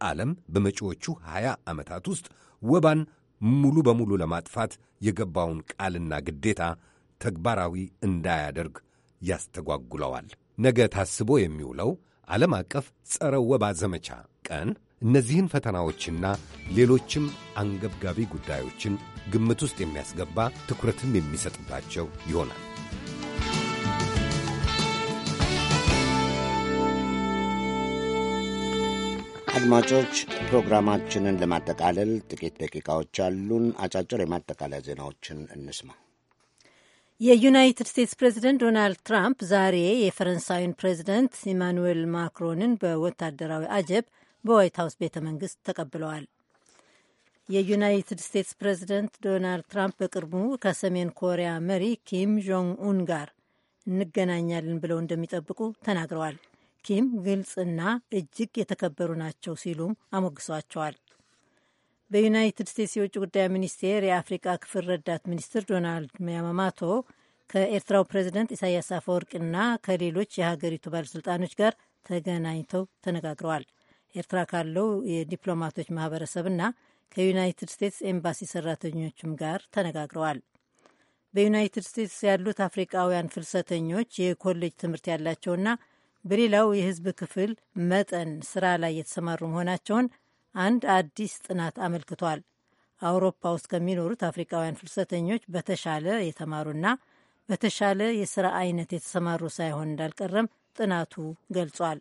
ዓለም በመጪዎቹ 20 ዓመታት ውስጥ ወባን ሙሉ በሙሉ ለማጥፋት የገባውን ቃልና ግዴታ ተግባራዊ እንዳያደርግ ያስተጓጉለዋል። ነገ ታስቦ የሚውለው ዓለም አቀፍ ጸረ ወባ ዘመቻ ቀን እነዚህን ፈተናዎችና ሌሎችም አንገብጋቢ ጉዳዮችን ግምት ውስጥ የሚያስገባ ትኩረትም የሚሰጥባቸው ይሆናል። አድማጮች፣ ፕሮግራማችንን ለማጠቃለል ጥቂት ደቂቃዎች አሉን። አጫጭር የማጠቃለያ ዜናዎችን እንስማ። የዩናይትድ ስቴትስ ፕሬዚደንት ዶናልድ ትራምፕ ዛሬ የፈረንሳዩን ፕሬዚደንት ኢማኑዌል ማክሮንን በወታደራዊ አጀብ በዋይት ሀውስ ቤተ መንግስት ተቀብለዋል። የዩናይትድ ስቴትስ ፕሬዚደንት ዶናልድ ትራምፕ በቅርቡ ከሰሜን ኮሪያ መሪ ኪም ጆንግ ኡን ጋር እንገናኛለን ብለው እንደሚጠብቁ ተናግረዋል። ኪም ግልጽና እጅግ የተከበሩ ናቸው ሲሉም አሞግሷቸዋል። በዩናይትድ ስቴትስ የውጭ ጉዳይ ሚኒስቴር የአፍሪቃ ክፍል ረዳት ሚኒስትር ዶናልድ ማማማቶ ከኤርትራው ፕሬዚደንት ኢሳያስ አፈወርቅና ከሌሎች የሀገሪቱ ባለሥልጣኖች ጋር ተገናኝተው ተነጋግረዋል። ኤርትራ ካለው የዲፕሎማቶች ማህበረሰብና ከዩናይትድ ስቴትስ ኤምባሲ ሰራተኞችም ጋር ተነጋግረዋል። በዩናይትድ ስቴትስ ያሉት አፍሪቃውያን ፍልሰተኞች የኮሌጅ ትምህርት ያላቸውና በሌላው የህዝብ ክፍል መጠን ስራ ላይ የተሰማሩ መሆናቸውን አንድ አዲስ ጥናት አመልክቷል። አውሮፓ ውስጥ ከሚኖሩት አፍሪቃውያን ፍልሰተኞች በተሻለ የተማሩና በተሻለ የስራ አይነት የተሰማሩ ሳይሆን እንዳልቀረም ጥናቱ ገልጿል።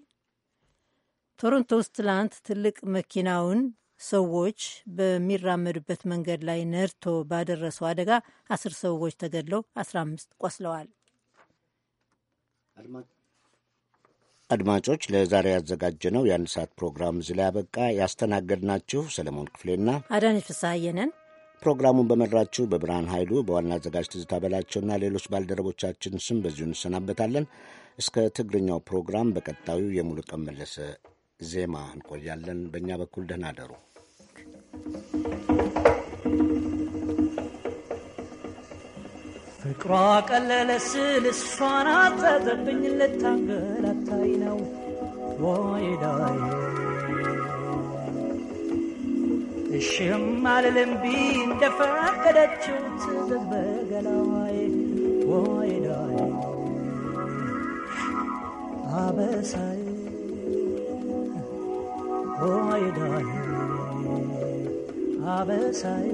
ቶሮንቶ ውስጥ ትላንት ትልቅ መኪናውን ሰዎች በሚራመዱበት መንገድ ላይ ነድቶ ባደረሰው አደጋ አስር ሰዎች ተገድለው አስራ አምስት ቆስለዋል። አድማጮች ለዛሬ ያዘጋጀነው የአንድ ሰዓት ፕሮግራም እዚህ ላይ ያበቃ። ያስተናገድናችሁ ሰለሞን ክፍሌና አዳነች ፍስሐዬ ነን። ፕሮግራሙን በመድራችሁ በብርሃን ኃይሉ በዋና አዘጋጅ ትዝታ በላቸውና ሌሎች ባልደረቦቻችን ስም በዚሁ እንሰናበታለን። እስከ ትግርኛው ፕሮግራም በቀጣዩ የሙሉ ቀን መለሰ ዜማ እንቆያለን። በእኛ በኩል ደህና አደሩ። ፍቅሯ ቀለለ ስል እሷን አጠገብኝ ልታንገላታይ ነው ወይዳይ እሽም አልልም ቢ እንደፈቀደችው ትዝግ ወይዳይ አበሳይ ሆይዳይ አበሳይ